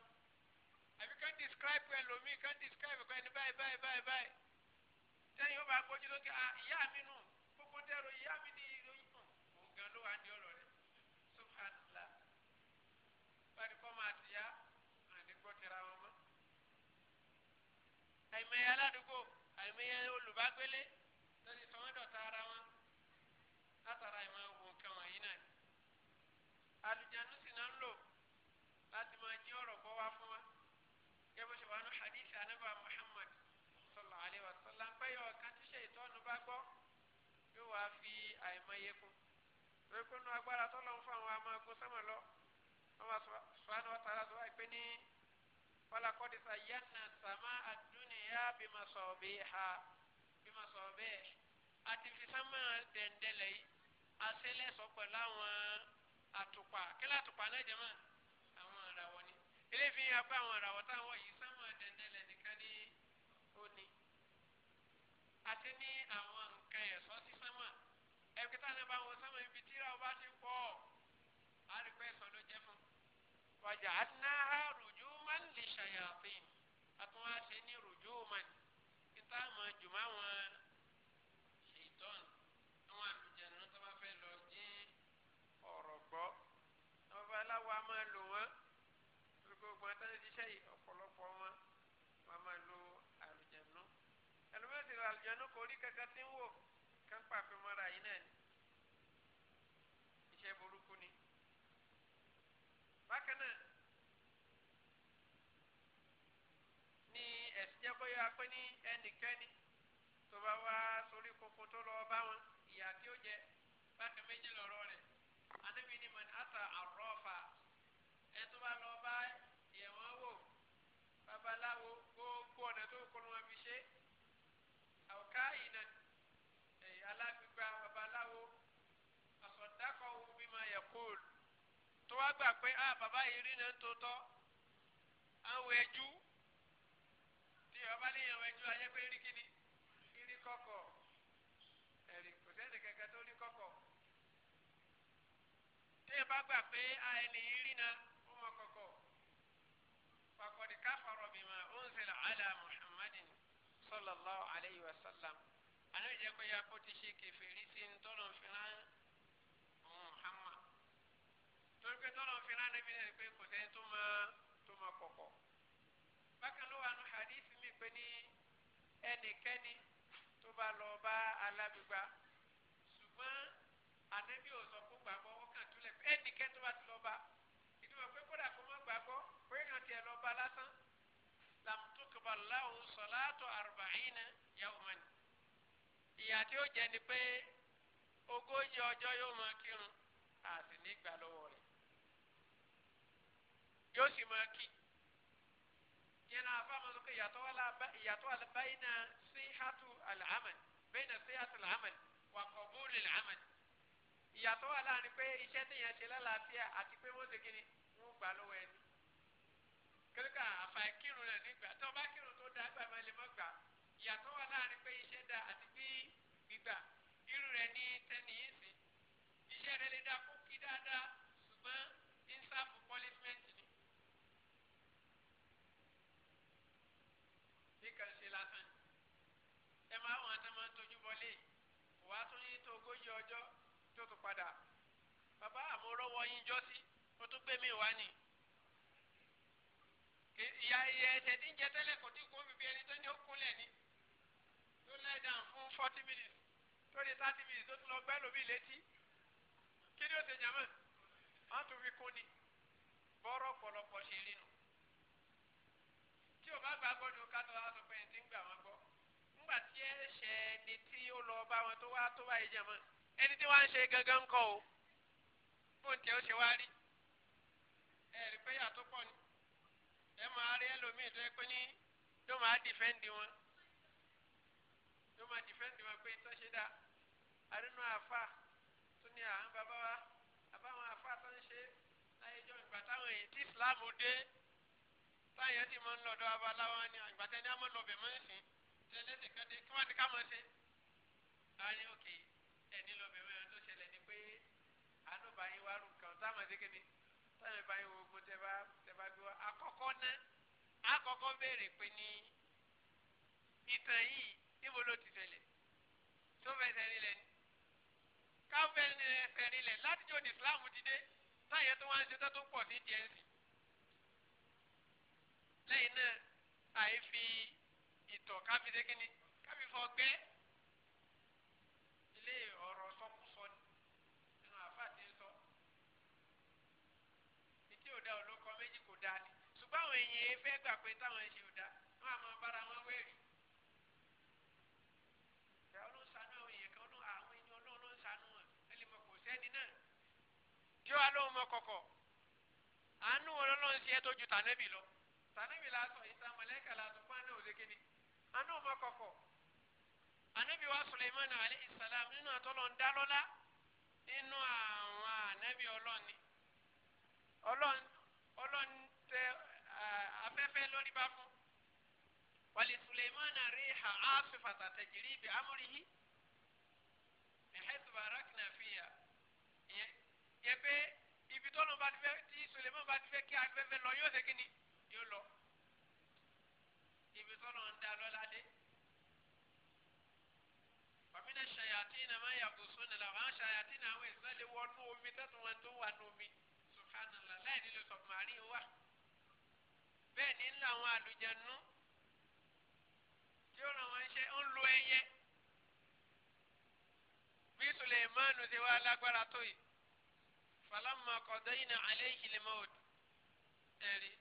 àbí kàn describe ẹlòmíì oh, kàn describe ẹ̀kọ́ ẹni báyìí báyìí báyìí báyìí sẹ́yìn ó bá gbójú lókè à ìyá mi nù gbogbo dẹ́rọ ìyá mi ní ìròyìn hàn òun gan ló wà ní ọ̀rọ̀ rẹ̀ subhanallah báyìí kọ́ máa ti yá àní gbọ́ tẹ̀ra wọn mọ́. àìmọye aládùúgbò àìmọye olùbágbélé lórí sọmọdọ̀ta ara wọn látara ìmọ̀. lóko nu agbára tọ́lọ̀ ń fún àwọn amagun sọ́mọ̀ lọ ọba sùwánù ọ̀tàlá tó wáyé pé ní wàlàkọ́dé sàyẹ́nà sàmá àdúnìyá bímọ sọ̀bẹ́ ha bima sọ̀bẹ́ àti fisama dẹ̀ndẹ̀lẹ̀ yìí asẹ́lẹ̀sọ pẹ̀lú àwọn àtùpà kílá àtùpà náà jẹ́ mọ́ àwọn ìràwọ̀ ni eléyìí fi hàn pé àwọn ìràwọ̀ táwọn yìí sàmá dẹ̀ndẹ̀lẹ̀ nìkan ní òní àti ní àwọn nǹkan ẹ̀kẹta náà bá wọn sọ́mọ ibi tí ọba ti pọ̀ àríkọ́ ẹ̀sán ló jẹ́ fún. wàjà àtináhà rùjú máa ń lè ṣàyàfín àtún wá ṣe ní rùjú máa ní níta mọ̀ jùmọ̀ wọn ṣètọ́n àwọn àlùjẹ̀nu tó bá fẹ́ lọ jí ọ̀rọ̀ gbọ́ ọba aláwa máa lò wọ́n gbogbo àtàlẹ́ ṣiṣẹ́ yìí ọ̀pọ̀lọpọ̀ wọn wọn máa lo àlùjẹ̀nu ẹlòmíràn ti rà àlùjẹ̀nu kò rí kankan tí ń wò pàfẹ́ mọ́ra yìí náà ni iṣẹ́ burúkú ni bákan náà ni ẹ̀sìn jẹ́ kó yára pé ní ẹnikẹ́ni tó bá wá sórí koko tó lọ bá wọn ìyá tí ó jẹ bákan méjì lọ́rọ́ rẹ̀ anábì ni mọ̀ ní ata ẹ tó bá lọ bá ẹ̀wọ̀n wò babaláwo gbogbo ọ̀nà tó kọ́ ló wọn fi ṣe àwòká yìí. wá gbà pé a bàbá yìí rí náà ń tó tọ́ àwọn ẹjú tí ọba ní ìyàwó ẹjú ayé pé rí kíni rí kọ́kọ́ ẹ̀rí kò sẹ́ni kẹ̀kẹ́ tó rí kọ́kọ́ tí ẹ bá gbà pé a ẹni yìí rí náà ó mọ kọ́kọ́ fàkọ̀dì káfọ̀rọ̀ mi mà ó ń sẹlẹ̀ àlà muhammadin sallallahu alayhi wa sallam àná ìjẹ́ pé ya kó ti ṣe kẹfẹ́ rí sí ń tọ́nà fìlà ń torí pé tọ́lọ̀ ń fi rán ẹbí náà pé kò sẹ́ni tó mọ tó mọ kọ̀kọ̀. bákan ló wà nù hadith mi pé ní ẹnikẹ́ni tó bá lọ bá alábìgbà ṣùgbọ́n ànábì ò sọ kó gbàgbọ́ ó kàn túlẹ̀ pé ẹnikẹ́ni tó bá ti lọ bá ìdúró pé kódà kó mọ́ gbàgbọ́ pé kàn tiẹ̀ lọ bá lásán lam tukba lahu salatu arba'ina yawman ìyà tí ó jẹ ni pé ogójì ọjọ́ yóò máa kírun àti nígbà lọ́wọ́ yóò sì máa kí yẹn náà afa máa sọ pé ìyàtọ̀ àlùbáyìnà síhátù àlàámẹ̀ bẹ́ẹ̀nà síhátù àlàámẹ̀ wà kọ̀bùrù àlàámẹ̀ ìyàtọ̀ wà láàrin pé iṣẹ́ tẹ̀yàn ṣe lálàáfíà àti pé wọ́n ṣe kí ni wọ́n gbà lọ́wọ́ ẹni kíríkà àfà kírun rẹ̀ nígbà tí wọ́n bá kírun tó dáa gbà máa lè mọ́ gbà ìyàtọ̀ wà láàrin pé iṣẹ́ dáa àti bí gbígbà irú rẹ̀ ní tẹ́niyìí iṣẹ́ rẹ̀ lè dá kó padà bàbá àmúrọ́wọ́ yín jọ́ sí ó tún gbé mi wá ni ìyá iye ẹ̀jẹ̀ tí ń jẹ tẹ́lẹ̀ kò tí kò ń ẹni tó ní okúnlẹ̀ ni tó lẹ́dà fún forty minutes tó di thirty minutes tó tún lọ gbẹ́ lómi létí kí ni ó ṣe jàmọ́ wọ́n tún fi kún ni bọ́rọ̀ pọ̀lọpọ̀ ṣe rí nu tí o bá gbàgbọ́ ni o ká tó aṣọ pé ẹ̀ ti ń gbà wọ́n gbọ́ ńgbà tí ẹ̀ ṣẹ̀ ni tí ó lọ bá wọn tó wá tó báyìí jàmọ́ ẹni tí wọ́n ń ṣe gangan ń kọ́ o fóun tí ó ṣe wá rí ẹ̀rí pé yàtọ̀ pọ̀ ni ẹ máa rí ẹlòmíì tó yẹ pé ní tó máa dìfẹ́ǹdì wọn tó máa dìfẹ́ǹdì wọn pé tó ṣe dá arínú àfa tó ní àwọn bàbá wa àbáwọn àfa tó ń ṣe ayéjọ ìgbà táwọn èyí tí Islam dé táyà ti máa ń lọ́dọ̀ abaláwa ni ìgbà tẹ́ni á máa lọ bẹ̀ mọ́ ìsìn tẹ́lẹ̀ sì kẹ́tẹ́ kí wọ́n ti ká máa ṣe. a òkè yìí ẹni lóbìnrin náà tó ṣẹlẹ̀ ni pé àánú báyìí wá rùn kan táwọn ṣe kíni táwọn báyìí wo ogun tẹ bá tẹ bá gbé wá àkọ́kọ́ náà àkọ́kọ́ béèrè pé ní ìtàn yìí níbo ló ti ṣẹlẹ̀ tó fẹsẹ̀ nílẹ̀ ni káfẹ́ ẹsẹ̀ nílẹ̀ láti jọ ní Islam ti dé táyẹ̀ tó wá ń ṣe tó tó pọ̀ sí díẹ̀ sí lẹ́yìn náà àìfi ìtọ̀ káfi ṣe kíni káfi fọ ṣùgbọ́n àwọn èèyàn fẹ́ gbà pé táwọn ẹṣin ò dá wọn àmọ́ bára wọn wẹ̀rì. ìyá ọlọ́run ṣàánú àwọn èèyàn kan ọlọ́run àwọn èèyàn ọlọ́run ṣàánú wọn ẹ lè mọ kò sẹ́ni náà. kí wàá lóun mọ kọ̀kọ̀ àánú wọn lọ́lọ́run ṣe é tó tànẹ́bì lọ tànẹ́bì lásọ ìsàmọ̀lẹ́kà lásọ fún àná òṣèkéni àánú mọ kọ̀kọ̀ anabi wa suleiman alayhi salam nínú àtọ́lọ́n dá nínú àwọn anabi ọlọ́ni ọlọ́n tẹ afẹ́fẹ́ lórí bá fún. wàlẹ̀ sulemana riha asifata tajiri bi amurihi ẹ̀hẹ́sùn barakna fiya yẹ pé ibi tọ́lọ́ bá ti fẹ́ tí sulemana bá ti fẹ́ kí afẹ́fẹ́ lọ yóò ṣe kí yóò lọ ibi tọ́lọ́ ń da lọ́la dé. wàmínà ṣayàtì náà máa yàgò sóni la wọn ṣayàtì náà àwọn ìsúná lè wọnú omi tẹ́tù wọn tó wà ní omi subhanallah láì nílò sọ̀kùnrin wa bẹ́ẹ̀ ni ńlá àwọn àlùjànnú tí ó ràn wọ́n ṣe ń lo ẹyẹ bí Sùlẹ̀mánù ti wá lágbára tó yìí falamma qadayna alayhi al-mawt ẹ̀rí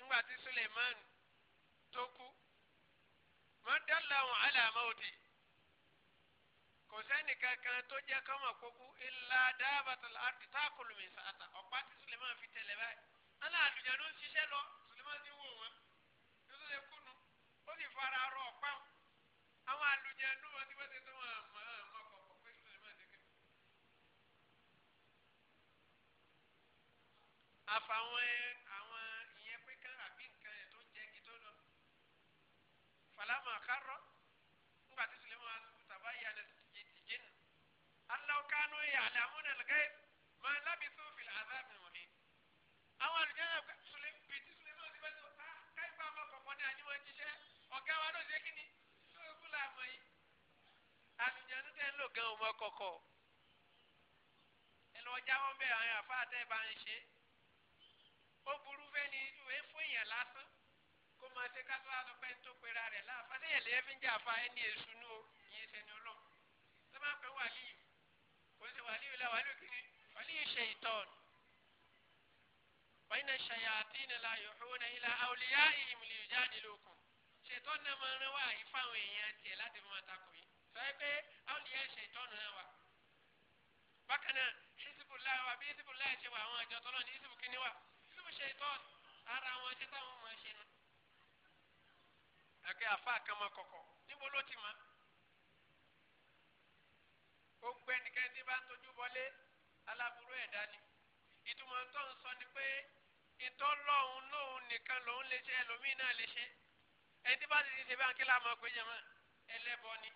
ńgbà tí Sùlẹ̀mánù tó kú ma dallahu ala mawti kò sẹ́ni kankan tó jẹ́ kọ́mọ̀ kókú illa dabbatul ardi ta'kulu min sa'ata ọ̀pá tí Sùlẹ̀mánù fi tẹ̀lé báyìí aláàdùjẹ ló ń ṣiṣẹ́ lọ Suleman ti wò wọn tó tó ṣe kúnnu ó sì fara rọ ọ̀pá àwọn àlùjẹ ló wọn tí wọ́n ti tó wọn àmọ́ àmọ́ kọ̀ọ̀kọ̀ pé Suleman ti kẹ́. àfàwọn àwọn ìyẹn pé kán àbí nǹkan ẹ̀ tó ń jẹ́ kí tó lọ fàlámà kárọ̀ ńgbà tí Suleman wà sùkúta báyìí àná ìdíje nù. aláwọ̀ kánú yà àlàmúnà lẹ́gẹ́ máa lábìsọ̀ fìlà àzáàbì àwọn àlùjẹ́nà sùlẹ̀ bìtì sùlẹ̀ náà ti bẹ́ẹ̀ sọ ká ah, káyipá ọmọ kọ̀ọ̀kan ní àyẹ̀wò ẹ̀jíṣẹ́ ọ̀gá wa náà ṣe kí ni tó o fúlà mọ̀ yìí. àlùjẹ́nu tẹ́ ń lò gan ọmọ kọ̀kọ̀ ẹ lọ jáwọ́ bẹ́ẹ̀ àwọn àfa àtẹ́ bá ń ṣe ó burú fẹ́ni ìwé fún èèyàn lásán kó máa ṣe kásán aṣọ pẹ́ tó pera rẹ̀ láàfa lẹ́yìn lẹ́yìn fi ń jà fa ẹni èṣù nù ó kì í ṣe ni ọlọ́run tó máa pẹ́ wàlíì kò ń ṣe wàlíì la wàyínà ṣayàtì nílá yòóhùn ilà àwòlíyá ìmìlì ìjádìlókun ṣètọ́n náà máa rán wá yìí fáwọn èèyàn tiẹ̀ láti máa takò yìí sọ pé àwòlíyá ṣètọ́n náà wà. bákan náà hezbollah wa bí hezbollah ṣe wà àwọn àjọ tọ́lọ́ ní hezbo kínní wà hezbo ṣètọ́n ara wọn ṣe táwọn máa ṣe nù. àgbẹ̀ àfa kan máa níbo ló ti máa. ó gbẹ́nikẹ́ni bá ń tójú bọlé aláburú ẹ̀dá ni ìtumọ̀ tó ń sọ ni pé ìtọ́ lọ́hùn lóhùn nìkan lòún lè ṣe ẹlòmíì náà lè ṣe ẹni tí bá ti ti ṣe bá ń kí láàmú ọgbẹ́ jẹ́ mọ́ ẹlẹ́bọ ni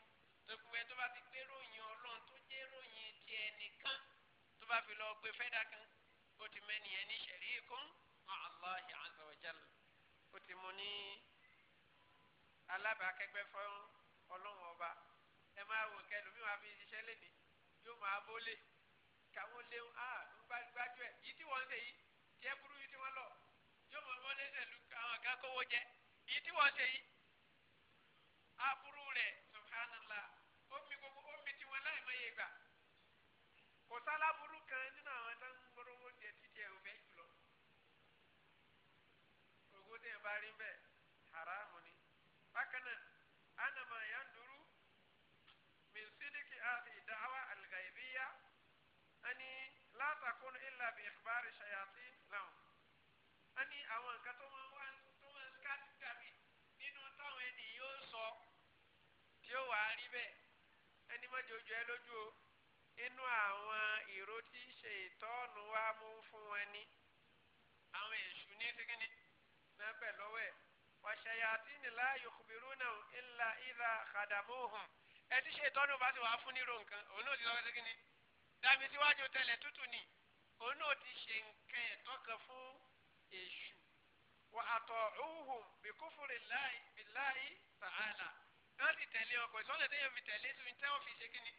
tókù ẹ tó bá ti gbé ròyìn ọlọ́run tó jẹ́ ròyìn ti ẹnìkan tó bá fi lọ gbé fẹ́dà kan ó ti mẹ́ni ẹ ní ṣẹ̀rí kún mọ́ Allahi azza wa jalla ó ti mú ní alábàákẹ́gbẹ́ fún ọlọ́run ọba ẹ máa wò kẹlòmíì wàá fi ṣiṣẹ́ lẹ́nìí yóò máa bólè káwọn léwu ah ń gbájú ẹ yìí tí wọ́n ń ṣe yìí tiẹ̀ buru yìí tí wọ́n lọ yóò mọ̀ wọ́n lẹ́sẹ̀ lu àwọn kan kówó jẹ yìí tí wọ́n ṣe yìí aburú rẹ̀ subhanallah omi gbogbo omi tí wọ́n láì mọ iye gbà kò sálá burú kan nínú àwọn tó ń títí jùlọ ògùn bá illa bi ikhbari shayatin lahum. wọ́n ní àwọn nǹkan tó máa ń wá tó máa ń ká dàbí nínú táwọn ẹni yóò sọ tí ó wàá rí bẹ́ẹ̀ ẹni mọ́jọ ojú ẹ lójú o inú àwọn ìró tí ń ṣe ìtọ́nu wa mú fún wọn ni àwọn èṣù ní síkínní náà bẹ̀ lọ́wọ́ ẹ̀ washayatin la yukhbirunahum illa idha khadamuhum ẹni ṣe ìtọ́nu bá ti wà fún nírò nǹkan òun náà ti lọ́wọ́ síkínní dàbí síwájú tẹ̀lẹ̀ tútù ni òun náà ti ṣe nǹkan ẹ̀tọ́ kan fún èṣù wà àtọ̀ òhùn bìkúfùrì bìláì tààlà wọ́n ti tẹ̀lé ọkọ̀ ìsọ́nà tẹ́yọ̀ fi tẹ̀lé tó ń tẹ́wọ́ fi ṣe kíni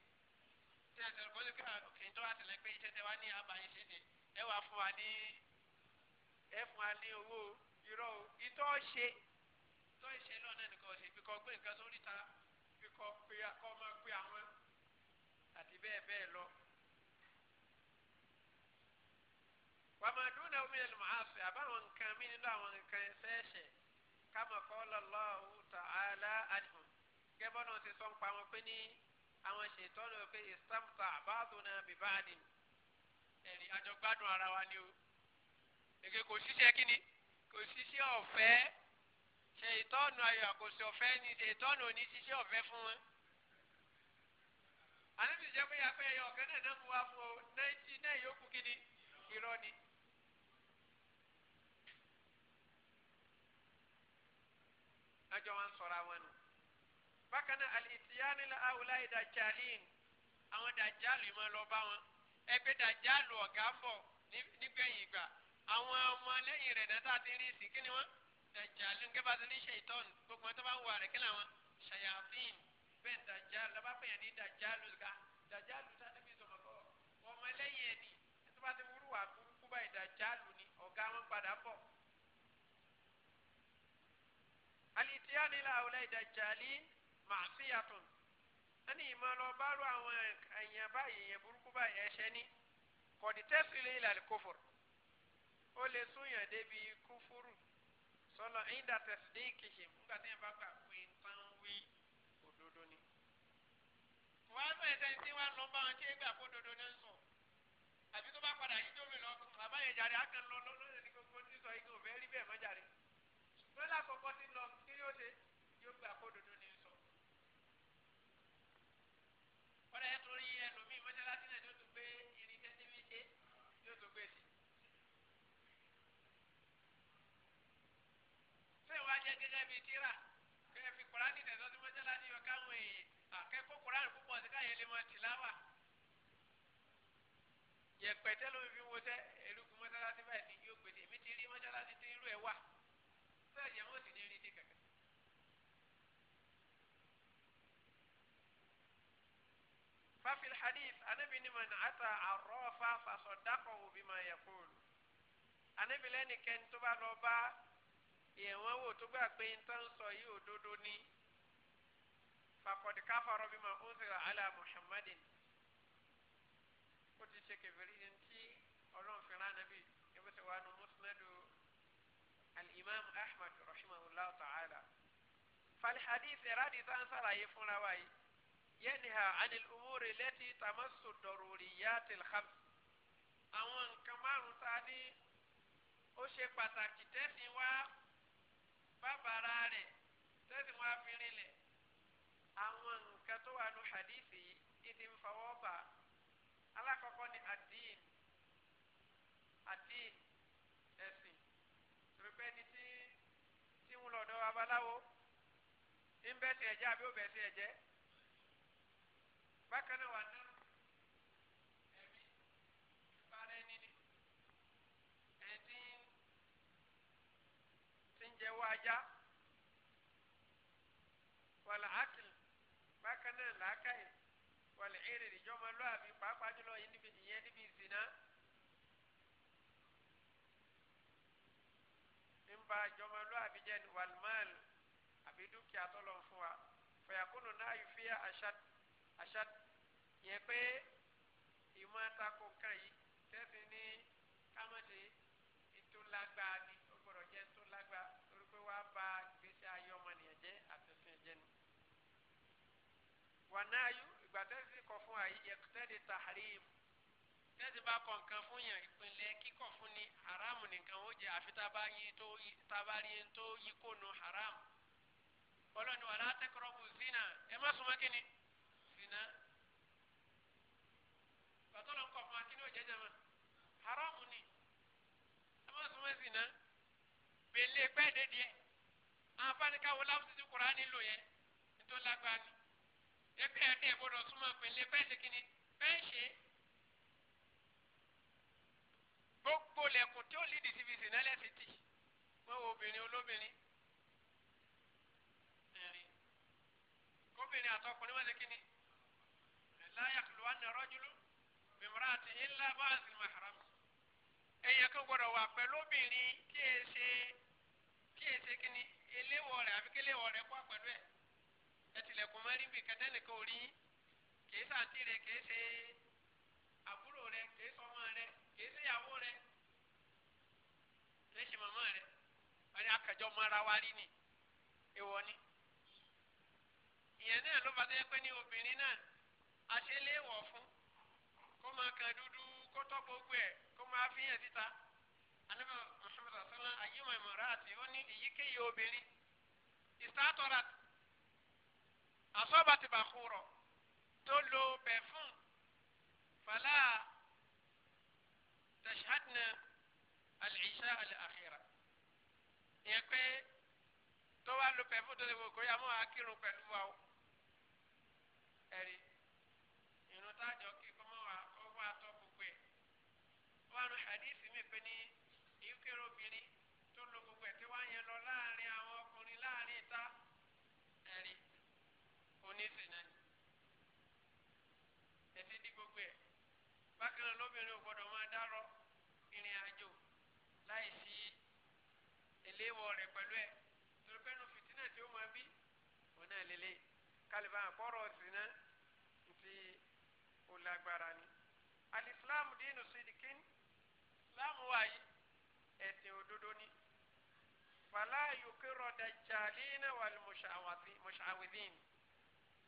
tí a sọ̀rọ̀ kọ́lé ká òkè tó wà tẹ̀lé pé iṣẹ́ tẹ́ wá ní àbáyé ṣe ni ẹ wà fún wa ní ẹ fún wa ní owó irọ́ o ìtọ́ ṣe ìtọ́ ṣe náà náà nìkan ṣe bíkọ́ gbé nǹkan sórí ta bíkọ́ pé kọ́ máa pé àwọn àti bẹ́ẹ̀ bẹ́ẹ̀ lọ. wàmàdúnà omi ẹ̀ lùmọ̀ àṣẹ àbáwọn nǹkan mi nínú àwọn nǹkan ẹ̀ṣẹ̀ṣẹ̀ kama qala Allahu ta'ala anhum gẹ́gẹ́ náà ti sọ ń pa wọn pé ní àwọn ṣètọ́nù pé istamta ba'duna bi ba'din ẹ̀rí àjọgbádùn ara wa ni o èké kò ṣiṣẹ́ kínní kò ṣiṣẹ́ ọ̀fẹ́ ṣe ìtọ́nù ayọ̀ àkóso ọ̀fẹ́ ni ṣe ìtọ́nù òní ṣiṣẹ́ ọ̀fẹ́ fún wọn. àníbi ìjẹ́ pé yàgbé ẹyọ ọ̀kẹ́ náà náà mú wa fún o náà jí náà yókù kínní irọ́ ẹjọ wọn sọra wọn nù. bákan náà alìtìyáni la awùlá ìdàjàlín àwọn dàjálù yìí máa lọ bá wọn o dàjálù ọ̀gá ń bọ̀ nígbẹ̀yìn ìgbà àwọn ọmọ lẹ́yìn rẹ̀ dáta ti rí sí kíni wọn dàjálù nígbà bá ti ní ṣe ìtọ́nù gbogbo wọn tó bá ń wà rẹ̀ kí làwọn ṣàyàfín bẹ́ẹ̀ dàjálù lọ́ba pẹ̀yẹ̀ ní dàjálù ká dàjálù ilé àwòlẹ́ ìdajàlí màṣíyàtùn ẹni ìmọ̀ lọ bá rú àwọn èèyàn báyìí èèyàn burúkú báyìí ẹ̀ṣẹ̀ ní kọ̀dítẹ́sì ilé ìlàlí kófòrò ó lè súnyàn débi kúfúrú sọlọ ẹ̀yìndà tẹ̀sídẹ́ẹ̀kì ṣe nígbà tí yẹn bá gbà pé nǹkan wí òdodo ni. wàá sọ ẹ̀sẹ̀ tí wàá lọ bá wọn ṣe é gbà kó dodo ní sọ àbí tó bá padà yí tó mi lọ bàbá yẹn jàre á kàn lọ lọ́dọ̀ ní gbogbo ní sọ igi òfé rí bẹ́ẹ̀ mọ́ jàre ṣùgbọ́n lákòókò ti lọ kí yóò ṣe é gbà kó dodo ní sọ. ọ̀rẹ́ ẹ̀ torí ẹlòmíì mọ́ṣáláṣí náà ni ó tún gbé irin tẹ́tí fi ṣe ni ó tún gbé sí. ṣé ìwà jẹ́ gẹ́gẹ́ bíi tíra kẹ́ fi kùránì tẹ̀sán sí mọ́ṣáláṣí yọ káwọn èèyàn àkẹ́kọ̀ọ́ kùránì púpọ̀ sí káyẹ̀ lè mọ tìláwà. yẹ̀pẹ̀tẹ́ ló fi wo sẹ́ eruku mọ́ṣáláṣí báyìí ni yóò gbèsè èmi ti rí mọ́ṣáláṣí tí irú ẹ̀ wà. hadith anabi ni man ata arrafa fasaddaqahu bima yaqul anabi lẹ́ni kẹ́ni tó bá lọ bá ìyẹ̀wọ̀n wò tó gbà pé nǹkan sọ yìí òdodo ni faqad kafara bima unzila ala muhammadin ó ti ṣe kẹfẹ́rí ní ti ọlọ́run fìlà anabi ẹ̀bí sọ wà nù musnadu al-imam ahmad rahimahullah ta'ala fal hadith ẹ̀rọ àdìsá ń sàlàyé fúnra wa yẹnìhà anil umuri lẹ́tì tamasu dọ̀rọ̀rì yàtìl hams. àwọn nǹkan márùn-ún tá a ní ó ṣe pàtàkì tẹ́sí wá bàbàrà rẹ̀ tẹ́sí wá fi rinlẹ̀ àwọn nǹkan tó wà ní hadithi yìí ti ń fọwọ́ bà alákọ̀ọ́kọ́ ni àdín àdín ẹ̀sìn rẹpẹ́ ni tí tí ń lọ́dọ̀ babaláwo ń bẹ́sẹ̀ ẹ̀jẹ̀ àbí ó bẹ́sẹ̀ ẹ̀jẹ̀ bákan náà wà nínú ẹ̀mí ìbára ẹni ni ẹni tí ń jẹ́wọ́ ajá wàlà ákìl bákan náà làákàyè wàlà èrè ìjọba lọ́àbí pàápàá jùlọ ìyẹn níbi ìsìn náà. ba jọnmalu a bi jẹ ni walimaali a bi dúkìá fún wa fẹyàkunu n'a yi fi irshad yẹn pé ìmọ̀ àtakò nǹkan yìí tẹ́sí ní kámọ́sí ìtúlágbá ni ó gbọ́dọ̀ jẹ́ ìtúlágbá torí pé wàá ba ìgbésí ayé ọmọnìyàn jẹ́ àtẹ̀sìn jẹ́ ni. wàá náà yú ìgbà tẹ́sí kọ̀ fún àyè yẹtẹ́dẹ̀ tahrim tẹ́sí bá kọ̀ nǹkan fún yàn ìpínlẹ̀ kíkọ̀ fún ni haramu nìkan ó jẹ́ àfi tábàárí tó yí kónú haramu ọlọ́ni wàlá tẹ́kọ̀rọ̀ bù zina ẹ má sùnmọ́ kínni zina bàtọ́lọ̀ kọ̀ fún akínú òjẹ́jẹ́ mọ́ haramu ni ẹ má sún mọ́ zina gbèlè pẹ́ dédìé afánikawo láwùsí kura nílò yẹn nítorí lágbára ni ebi ẹni ẹ gbọ́dọ̀ súnmọ́ gbèlè pẹ́ ṣe kínní pẹ́ ṣe gbogbo lẹ́kùn tí ó lè dìsíbi zina lẹ́sìn tì mọ́ obìnrin olóbìnrin. obìnrin àtọkùnrin wọn ṣe kí ni la yakhluwanna rajulun bimra'atin illa ba'dil mahram ẹ̀yẹ kan gbọ́dọ̀ wà pẹ̀lú obìnrin tí ẹ ṣe tí ẹ ṣe kíni eléwọ̀ rẹ̀ àbí kéléwọ̀ rẹ̀ kọ́ pẹ̀lú ẹ̀ ẹ tilẹ̀kùn mẹ́rin bíi kẹtẹ́nìkan orí kìí sàǹtì rẹ̀ kìí ṣe àbúrò rẹ̀ kìí sọmọ rẹ̀ kìí ṣe ìyàwó rẹ̀ kìí ṣe màmá rẹ̀ wọ́n ní akẹ́jọ́ mọ́ra wá rí ni ìwọ ni ìyẹn náà ló fà àṣeléwọ̀ fún kó máa kan dúdú kó tọ́ gbogbo ẹ̀ kó máa fi hàn síta anabi muhammed asala ayéwọ̀n ìmọ̀ra àti ó ní èyíkéyìí obìnrin ìsátọ́ra asọ́bàtìbàkúrọ̀ tó lo pẹ̀fún fàlà tashhadna al-isha al pé tó wá lo pẹ̀fún tó lè wò kó yà mọ́ akírun pẹ̀lú wa ẹ̀rí sáàjọ kí kọ́mọ́ wa kọ́ wá tọ́ gbogbo ẹ̀ wọ́n á nu hadisi mi pé ní ìyókèrè obìnrin tó lo gbogbo ẹ̀ tí wọ́n á yẹn lọ láàrin àwọn ọkùnrin láàrin ìta ẹ̀rí oníṣìnà ni ẹ̀sìn dí gbogbo ẹ̀ bákan náà lóbìnrin ò gbọ́dọ̀ máa dá lọ ìrìn àjò láì sí eléwọ rẹ̀ pẹ̀lú ẹ̀ torí pé nu fìtínà tí ó máa bí òun náà lélẹ̀ kálíbà àpọ̀rọ̀ lágbára ni alìsílámù dínú sídìkín láàmú wáyé ẹ̀sìn òdodo ni fàlà yòókèrò dajjalina wal mushawidin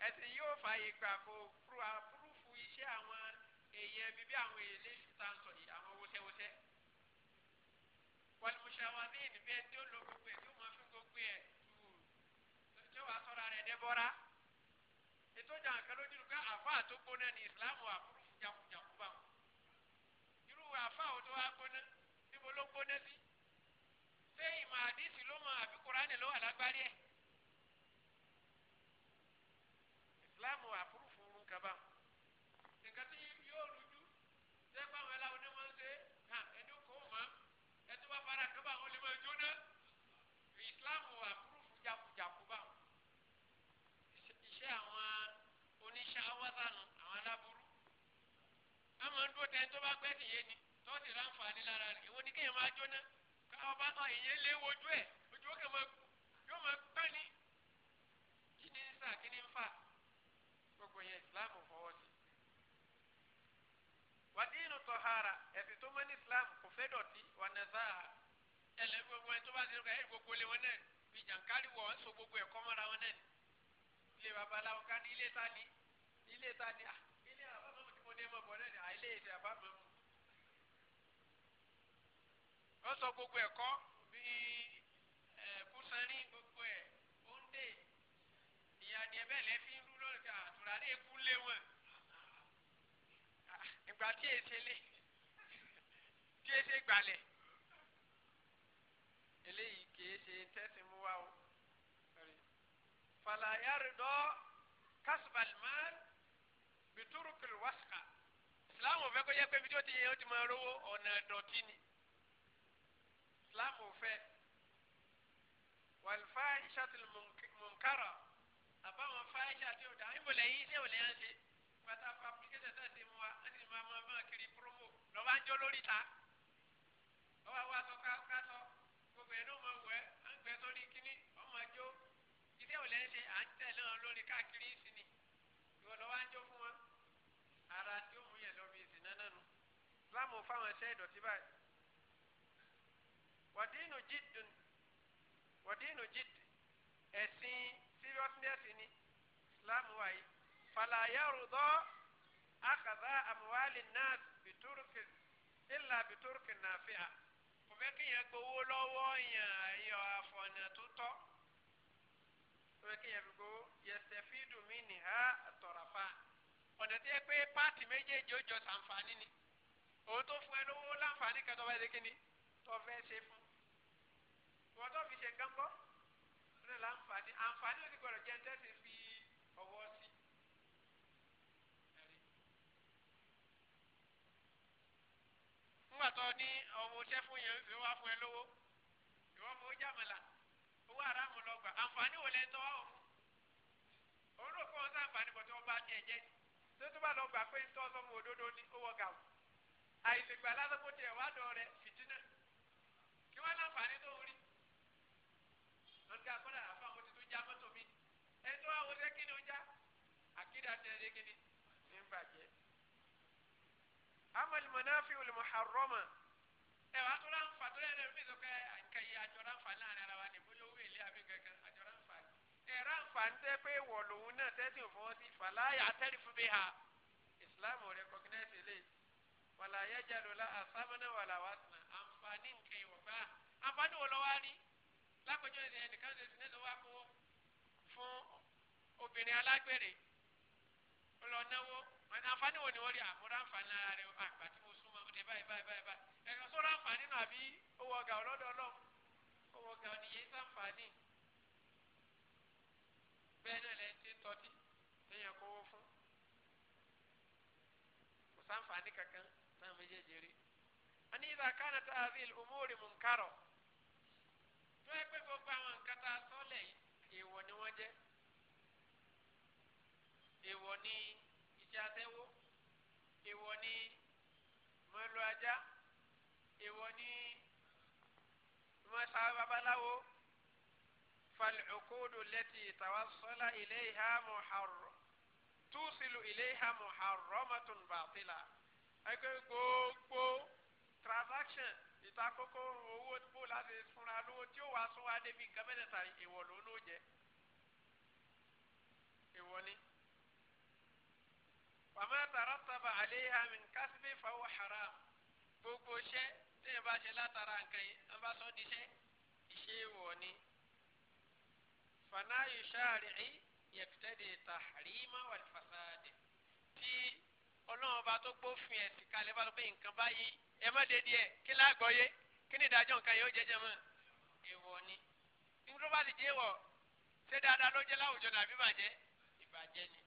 ẹ̀sìn yóò fààyè gbà kó púrúfù iṣẹ́ àwọn èèyàn bíbí àwọn èlé ìtànsọ yìí àwọn wọ́tẹ́wọ́tẹ́ wal mushawidin bẹ́ẹ̀ tí ó lo gbogbo ẹ̀ tí ó mọ fún gbogbo ẹ̀ tù tí ó sọ́ra rẹ̀ dẹ́bọ́ra ìtọ́jà nǹkan lójú ká àfa tó gbóná ní ìsìlámù àbúrò jàkújàkú bá wọn irú àfa ò tó wá gbóná níbo ló gbóná sí ṣé ìmọ̀ àdìsí ló mọ àbí kúránì ló wà lágbárí ẹ̀ kéèyàn máa jóná káwọn bá tán èyí lé wojú ẹ ojú ó kàn máa yóò máa pẹ́ ní kí ni sà kí ni ń fà gbogbo yẹn ìsìláàmù fọwọ́ sí. wàdínù tọ̀hárà ẹ̀sìn tó mọ́ ní ìsìláàmù kò fẹ́ dọ̀tí wà nẹ́sà ẹlẹ́ gbogbo ẹ̀ tó bá ti rí ẹ̀ gbogbo lé wọn náà bí jàǹkárì wọ̀ ń so gbogbo ẹ̀kọ́ mọ́ra wọn náà ilé babaláwo ká ní ilé ta ni ilé ta ni ilé àbámọ́ tí mo dé mọ́ bọ̀ náà ni àìlè ìṣẹ̀ àbámọ́ ó sọ gbogbo ẹ̀kọ́ bíi ẹ̀kúsanrí gbogbo ẹ̀ òǹdè ìyàdí ẹ̀bẹ̀ lẹ́fí ń rú lórí ká àtúrádé kú léwọ̀n ìgbà tí èsè lé tí èsè gbalẹ̀ eléyìí kìí ṣe tẹ́sí mú wa o falayaridọ kasibalimán biturukiri wasika islam ò fẹ́ kó yẹ pé bí tí ó ti yẹ ó ti máa rówó ọ̀nà dọ̀tí ni islam ò fẹ́ wàlúfà ìṣàtúlù mọ̀nkárà àbáwọn fáìṣà tí ó dá ìbòlẹ̀ yìí ṣé òlẹ̀ yẹn ṣe pátá pàpíkẹ́tẹ̀ tẹ̀ sí mu wa wọ́n sì máa máa máa kiri promo lọ́wọ́ á jó lórí ta lọ́wọ́ àwọn aṣọ kásọ gbogbo ẹ̀ ló máa wẹ̀ á ń gbẹ sórí kíní ọmọ àjò iṣẹ́ òlẹ̀ yẹn ṣe à ń tẹ̀lé wọn lórí káàkiri ìsìn ni ìwọ lọ́wọ́ á jó fún wọn ara tí ó mú yẹn lọ́ fi ìsìn náà nánu láàmú fáwọn iṣẹ́ ìdọ̀tí báyìí wàdínú jídùn wàdínú jídù ẹ̀sìn seriousness ni islam wáyé falayarudọ́ akadá amuwali nas biturki illa biturki nàfíà kò fẹ́ kéèyàn gbowó lọ́wọ́ yàn ayọ̀ àfọ̀nà tó tọ́ kò fẹ́ kéèyàn fi gbowó yẹsẹ̀fídù mí nìhá tọ̀ràfà ọ̀nà tí yẹ pé pààtì méjèèjì ó jọ sàǹfààní ni òun tó fún ẹ lówó láǹfààní kẹtọ́ bá yẹ kí ni tọ́ fẹ́ ṣe fún ìwọ́n tó fi ṣe nǹkan kọ́ ọ̀nà láǹfààní àǹfààní ò sì gbọ́dọ̀ jẹ́ tẹ́sí fi ọwọ́ sí. nígbà tó ní ọmọ oṣẹ́ fún yẹn ìwọ́n wá fún ẹ lówó ìwọ́n mọ ojú àmàlà owó àràmù lọ́gbà àǹfààní ò lẹ́tọ́ wá òun òun ló fọ́ ọ̀sán àǹfààní bọ̀ tí wọ́n bá tiẹ̀ jẹ́ tó tó bá lọ gbà pé ntọ́ sọmọ òdodo ni ó wọ gàù àìsègbà lásán kó tiẹ̀ wá dọ̀ rẹ̀ fìtínà kí wọ́n láǹfààní tó ń rí wọn ti akọ́dà àfa àwọn tuntun já mọ́tò mi ẹ̀tọ́ àwọn oṣẹ́ kí ni ó já àkídà tẹ̀lé kí ni ní bàjẹ́. amọ̀lì mọ̀náfi olùmọ̀ àrọ́mà ẹ̀ wàá tó láǹfà tó yẹn lẹ́nu ìsọ̀kẹ́ nǹkan yìí àjọ láǹfà láàrin ara wa nìbó yóò wéèlé àbí kankan àjọ láǹfà. ẹ̀ ráǹfà ń tẹ́ pé wọ̀ náà tẹ́sí òfin ọtí fàlàyé àtẹ́rì fún mi ha islam wàlàyé jẹ́ lọ́la àsámánà wàlàwàsánà àǹfààní nǹkan ìwọ̀gbà àǹfààní wọ̀ rí lápẹjọ ìsìn ẹnìkan ṣe sí nílùú wa kó fún obìnrin alágbèrè ó lọ náwó àti àǹfààní wo ni wọ́n rí àmúra àǹfààní lára rẹ̀ àgbà tí mo súnmọ́ ọdẹ báyìí báyìí báyìí báyìí ẹ̀ka sọ́ra àǹfààní nù àbí owó ọ̀gá ọlọ́dọ̀ ọlọ́ owó ọ̀gá oníyẹ sàǹfààní bẹ́ẹ̀ náà lẹ́yìn tí ń tọ́tí lẹ́yìn kówó fún kò sàǹfààní kankan táwọn méjèèjì rí. wọ́n ní ìdàkánná tá a rí ìlú mú òrìmù ń kárọ̀ tó yẹ pé gbogbo àwọn nǹkan tá a sọ lẹ̀ yìí èèwọ̀ ni wọ́n jẹ́ èèwọ̀ ni iṣẹ́ aṣẹ́wó èèwọ̀ ni mọ́lú ajá èèwọ̀ ni mọ́sá babaláwo falcukudu lẹ́tì tawasọ́lá iléyà muharro túsìlù iléyà muharromatun bàtìlà ẹgbẹ́ gbogbo transaction ìtakókó owó bó láti fúnra lówó tí ó wà sún wa débi nǹkan mẹ́tẹ̀ẹ̀ta ìwọ̀ ló ló jẹ́ ìwọ ni. wàmọ́ tàrọ́tàbà àléhà mi kásìbí fàwọ́ haram gbogbo iṣẹ́ téèyàn bá ṣe látara nǹkan yìí wọ́n bá sọ díṣẹ́ iṣẹ́ ìwọ ni. fanayu ṣáàrì yẹ̀kítẹ́dẹ̀ tàhárìmá wàlfàsáàdì tí ọlọ́run ọba tó gbófin ẹ̀sìn kalẹ̀ bá lọ pé nǹkan báyìí ẹ má dédé ẹ kí lágbọ́yé kí ni ìdájọ́ nǹkan yóò jẹjẹ mọ́ èèwọ̀ ni nígbà tó bá ti jẹ́ wọ̀ ṣé dáadáa ló jẹ́ láwùjọ nàbí ìbàjẹ́ ìbàjẹ́ ni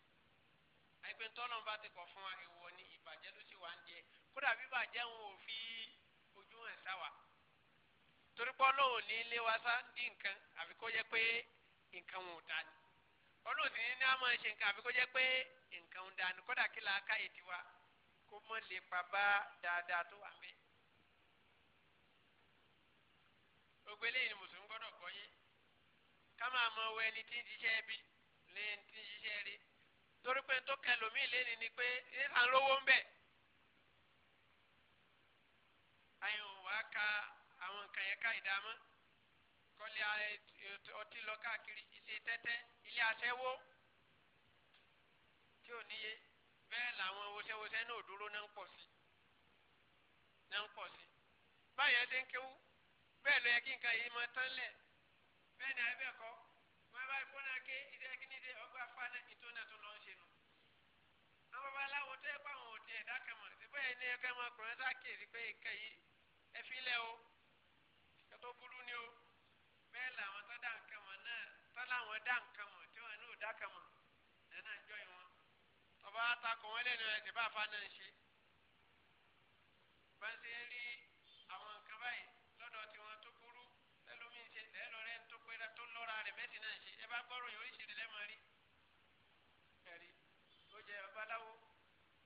àìpẹ́ ntọ́nà bá ti kọ̀ fún wa èèwọ̀ ni ìbàjẹ́ ló sì wà ń jẹ kódà bí ìbàjẹ́ ń wò fi ojú hàn sáwà torí pé ọlọ́run ní ilé wa sá ń dín nǹkan àbí kó yẹ pé nǹkan wọn ò dání olóòtú ní a máa ṣe nǹkan àbí kó jẹ́ pé nǹkan ń dání kódà kí la ká èdè wa kó mọ̀ lè pa bá dáadáa tó wà mí. gbogbo eléyìí ni mùsùlùmí gbọ́dọ̀ kọ́ yé ká máa mọ owó ẹni tí ń ṣiṣẹ́ bí lẹ́yìn tí ń ṣiṣẹ́ rí torí pé tó kẹ lómi lẹ́ni ni pé à lówó ń bẹ̀. àyẹ̀wò wa ka àwọn nǹkan yẹn ká ìdá mọ́ kọ́lé ọtí lọ káàkiri ilé tẹ́tẹ́ ilé aṣẹ́wó tí ò níye bẹ́ẹ̀ làwọn wọṣẹ́wọṣẹ́ náà dúró náà ń pọ̀ sí náà ń pọ̀ sí báyẹn dé ń kéwú bẹ́ẹ̀ lọ yẹ kí nǹkan yìí máa tán lẹ̀ bẹ́ẹ̀ ni àbẹ́ kọ́ máa bá ikú náà ké ìdí ẹ̀kí nídìí ọgbà fana ìtò náà tó lọ́ ń ṣe nù. àwọn baba aláwo tẹ́ ẹ pa àwọn òde ẹ̀dá kan mọ̀ sí bẹ́ẹ̀ ni ẹ̀kẹ́ máa kùnrin sáà kéèrí pé nǹkan yìí o ẹ burú ni o bẹ́ẹ̀ làwọn tó dá nǹkan mọ̀ náà tó láwọn dá nǹkan mọ̀ tí wọn náà dá kan mọ̀ nínú ìjọ ìwọn tọba atakọ wọn lẹ́nu ẹsẹ bá fa náà ń ṣe bá ń ṣe ń rí àwọn nǹkan báyìí lọ́dọ̀ tiwọn tó burú lẹlómi ń ṣe lẹẹlọ rẹ tó pé tó lọ́ra rẹ mẹsìn náà ń ṣe ẹ bá gbọ́rọ̀ yìí oríṣiríṣi lẹmọ rí ẹrí yóò jẹ babaláwo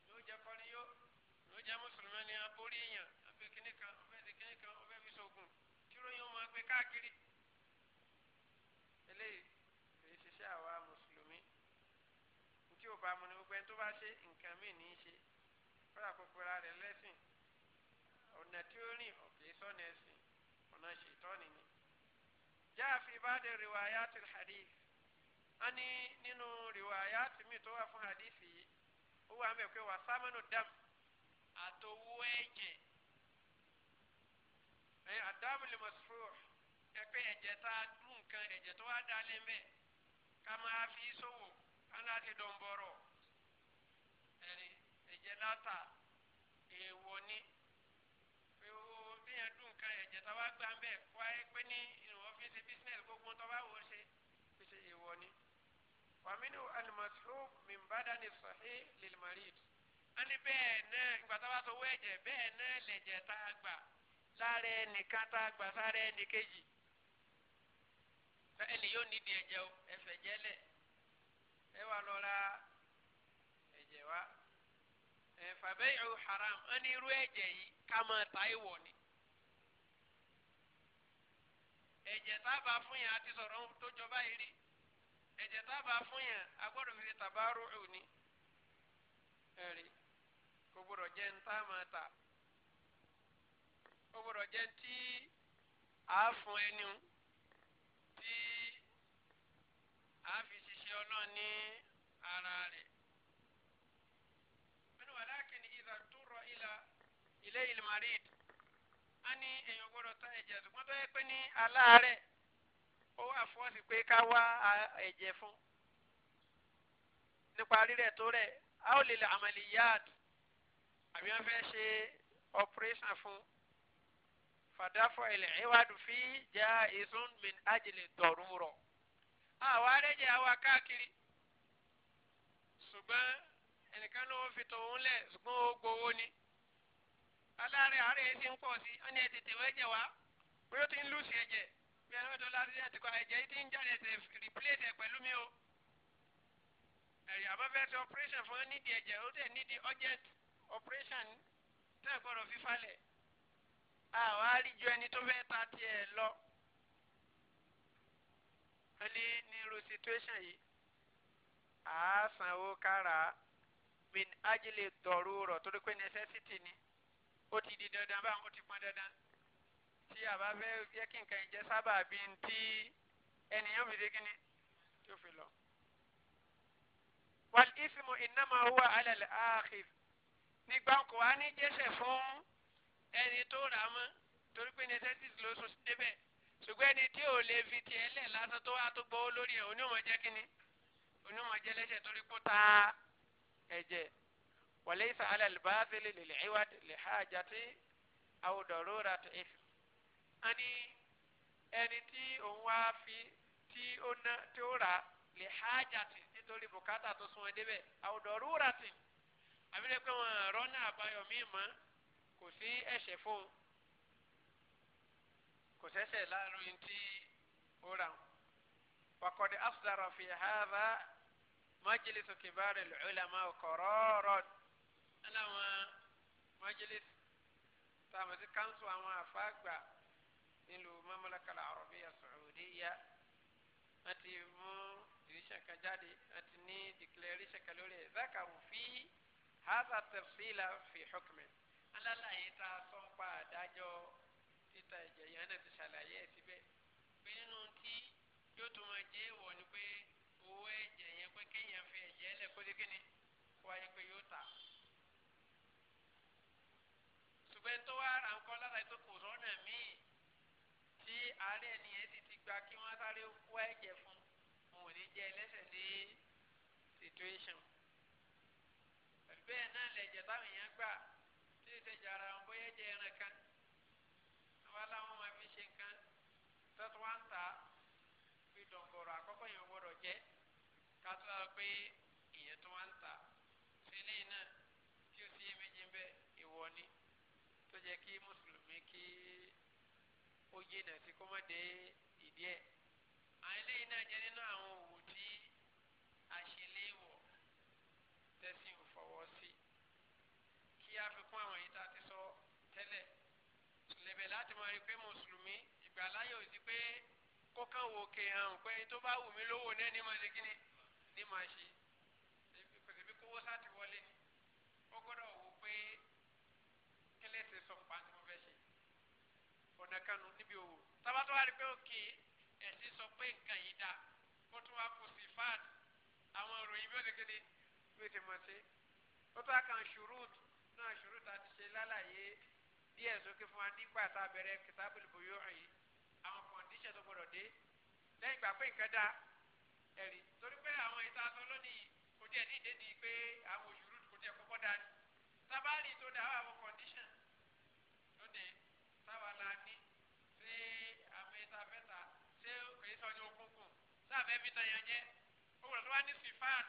yóò jẹ kọrin yóò jẹ mùsùlùmí ni aborí èèyàn ọbẹ kìnìkan ọbẹ kìnìkan ọbẹ fi sọgùn tí ó yẹ gbé káàkiri. bá mu ni gbogbo ẹni tó bá ṣe nǹkan míì ní í ṣe kọ́lá kókóra rẹ̀ lẹ́sìn ọ̀nà tí ó rìn òkè sọ́nà ẹ̀sìn ọ̀nà ṣètọ́ni ni. جاء في بعض روايات الحديث أني نينو روايات ميتوا في حديثي هو عم يقول وثمن الدم أتوجه أي الدم المسفوح يقول إجتا ممكن إجتا ودالمه كما في سوق ana ti dɔn bɔrɔ ɛri ɛjɛ lata èèwọ̀ ni o bíyàn dùn kan ẹ̀jẹ̀ tó bá gbà ń bẹ̀ wá pé ní ìwọ̀n fi ṣe bísíǹnẹ̀sì gbogbo tó bá wò ó ṣe ni. wàmínú alimọ̀síhùn mìmbádà ni sọ̀hí lèlmarid. wọ́n ní bẹ́ẹ̀ náà ìgbà tó bá tó wọ ẹ̀jẹ̀ bẹ́ẹ̀ náà lẹ̀jẹ̀ tá a gbà lára ẹnìkan tá a gbà sára ẹnìkejì. ẹnì yóò nídìí ẹ wà lọ́ra ẹ̀jẹ̀ wa ẹ fàbẹ́yìí haram ẹ ní irú ẹ̀jẹ̀ yìí ká máa ta ìwọ̀ ni. ẹ̀jẹ̀ tábà fún yẹn àti sọ̀rọ̀ tó jọba yìí rí ẹ̀jẹ̀ tábà fún yẹn agbọ́dọ̀ fi tàbárò òní ẹ̀rí kò gbọ́dọ̀ jẹ́ ń tá ta kò gbọ́dọ̀ jẹ́ tí ẹni tí a ìròyìn ọlọ́run ní ara rẹ̀. mẹ́nu wà lákìní ìdá tó rọ ilà ilé ilmarid á ní èèyàn gbọ́dọ̀ ta ẹ̀jẹ̀ ṣùgbọ́n tó yẹ pé ní aláàárẹ̀ ó wà fọ́ọ̀sì pé ká wá ẹ̀jẹ̀ fún nípa rírẹ̀ tó rẹ̀ a ó lè lè amaliyat àbí wọ́n fẹ́ ṣe operation fún fàdáfọ̀ ilẹ̀ ìwádùú fi jẹ́ ìsún min ajílẹ̀ dọ̀rùmùrọ̀ àwa arẹ́jẹ̀ àwa káàkiri ṣùgbọ́n ẹnìkan ló fi tòun lẹ̀ ṣùgbọ́n ó gbowó ni aláàárẹ̀ àárẹ̀ ẹ̀ ti ń pọ̀ sí ọ́nà ẹ̀ tètè wẹ́jẹ̀ wá pé ó ti ń lùsì ẹ̀jẹ̀ bí ẹni ọdún láti ṣe àtìkọ ẹ̀jẹ̀ yìí ti ń jáde ẹ̀sẹ̀ rìpléètì ẹ̀ pẹ̀lú mi o ẹ̀rì àbáfẹ́ ṣe operation fún nídìí ẹ̀jẹ̀ ó tẹ̀ nídìí urgent operation tẹ̀ gbọ́dọ̀ fífalẹ̀ àwa àríjọ ẹni tó fẹ́ ta tiẹ̀ lọ wọ́n ní nírú situation yìí àásanwó kára min ajile dọ̀rú rọ̀ torí pé necessity ni ó ti di dandan báwọn ó ti pọn dandan tí a bá fẹ́ jẹ́ kí nǹkan jẹ́ sábà bí n tí ènìyàn fi dégí ni tó fi lọ. wal ismu innama huwa ala al-akhir nígbà kò wá ní jẹ́sẹ̀ fún ẹni tó rà á mọ́ torí pé necessity ló sọ débẹ̀ ṣùgbọ́n ẹni tí ò lè fi tiẹ̀ lẹ̀ lásán tó wá tó gbowó lórí ẹ̀ onímọ̀ jẹ́ kínní onímọ̀ jẹ́ lẹ́sẹ̀ torí kó ta ẹ̀jẹ̀ walaysa ala al-batil lil-iwad li-hajati aw darurati ithm. a ní ẹni tí òun wá fi tí ó ná tí ó rà li-hajati nítorí bùkátà tó sún ẹ débẹ̀ aw darurati àbí lẹ́pẹ́ wọn rọ́nà àbáyọ míì mọ́ kò sí ẹ̀ṣẹ̀ fóun kò sẹ́sẹ̀ láàrin yìí tí ó rà wọn. وقد أصدر في هذا مجلس كبار العلماء قرارا أنا مجلس تامسي كانسو أما فاقبا نلو المملكة العربية السعودية أتي مو ديشا كجادي أتني ديكليريشا كالولي ذكروا في هذا التفصيل في حكمه ألا لا يتا صنبا داجو dókítà ẹ̀jẹ̀ yẹn náà ti ṣàlàyé ẹ̀ síbẹ̀ pé nínú tí yóò tún máa jẹ́ ìwọ̀ ni pé owó ẹ̀jẹ̀ yẹn pé kéèyàn fi ẹ̀jẹ̀ ẹ̀lẹ̀ kó dé kíni wáyé pé yóò tà. ṣùgbọ́n tó wá ra nǹkan lára pé kò rọ́nà míì tí àárẹ̀ nìyẹn ti ti gba kí wọ́n sáré wá ẹ̀jẹ̀ fún òun ò ní jẹ́ ẹlẹ́sẹ̀ lé situation. bẹ́ẹ̀ náà lẹ̀jẹ̀ táwọn èèyàn gbà tí ìtẹ̀jẹ̀ ara wọn bóyá ẹ̀jẹ̀ ẹran kan pé ìyẹn tó wá ń ta sílé náà tí ó sì méjì ń bẹ ìwọ ni tó jẹ kí mùsùlùmí kí ó jìnà sí kó má dé ìdí ẹ̀ àwọn eléyìí náà jẹ nínú àwọn òwò tí àṣeléwọ̀ tẹ̀sí ò fọwọ́ sí kí a fi kún àwọn yìí tá a ti sọ tẹ́lẹ̀ lẹ́bẹ̀ láti máa rí pé mùsùlùmí ìgbàláyò sí pé kó kàn wò kéhàn pé tó bá wù mí lówó náà ní màdé kí ni ní máa ṣe kòsìbí kówó sáti wọlé ni ó gbọ́dọ̀ wò pé kílẹ̀sì sọ pa tí mo fẹ́ ṣe ọ̀nà kanu níbi òwò tábàtọ́ wà ní pé òkè ẹ̀sìn sọ pé nǹkan yìí dá kó tún wá kó sí fáàdì àwọn ìròyìn bí ó ṣe kéde bí ó ṣe mọ̀ sí ó tó àkàn ṣùrùtù náà ṣùrùtù àti ṣe lálàyé díẹ̀ sókè fún wa nígbà tá a bẹ̀rẹ̀ kìtàbùlù bòyó ọ̀yìn àwọn kọ̀ǹdíṣẹ̀ tó gbọ́dọ̀ dé lẹ́yìn ìgbà pé nǹkan dá ẹ̀rí torí àwọn ìta sọ lónìí kò tiẹ̀ ní di pé àwọn òyìnbó kò tiẹ̀ kọ́kọ́ dání sábàárì tó dá àwọn condition tó dé sáwà la ní ṣé àwọn ìta fẹ́ta ṣé kìí sọ ní okùnkùn sáfẹ́ mi tàn yàn jẹ́ ó wùdọ̀ tó wá ní sifan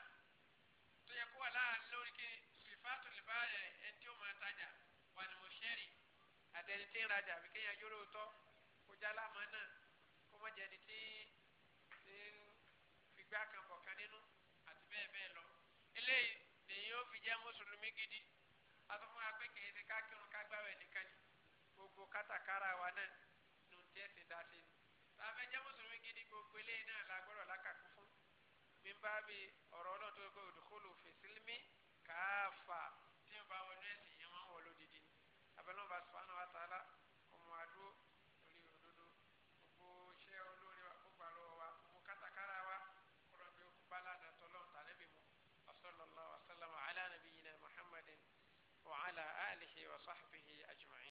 tó yẹ kó wà láàrin lórí kí sifan tó lè bá ẹni tí ó máa tajà wà ní mo àtẹni tí ń rajà àbí kéèyàn yóró tọ́ kó já lámà náà kó mọ̀ tí ń figbá kan bọ̀ eléyìí lèyìn ó fi jẹ́ mùsùlùmí gidi asọ́fún wa pé kìí ṣe kákírun kágbáwẹ̀ nìkan ni gbogbo kátàkárà wa náà ló ń tẹ́sí dáṣe ni tàbí jẹ́ mùsùlùmí gidi gbogbo eléyìí náà la gbọ́dọ̀ lákàkú fún mi bá bi ọ̀rọ̀ ọlọ́dún tó kọ́ òdòkó lò fèsìlímì káfà.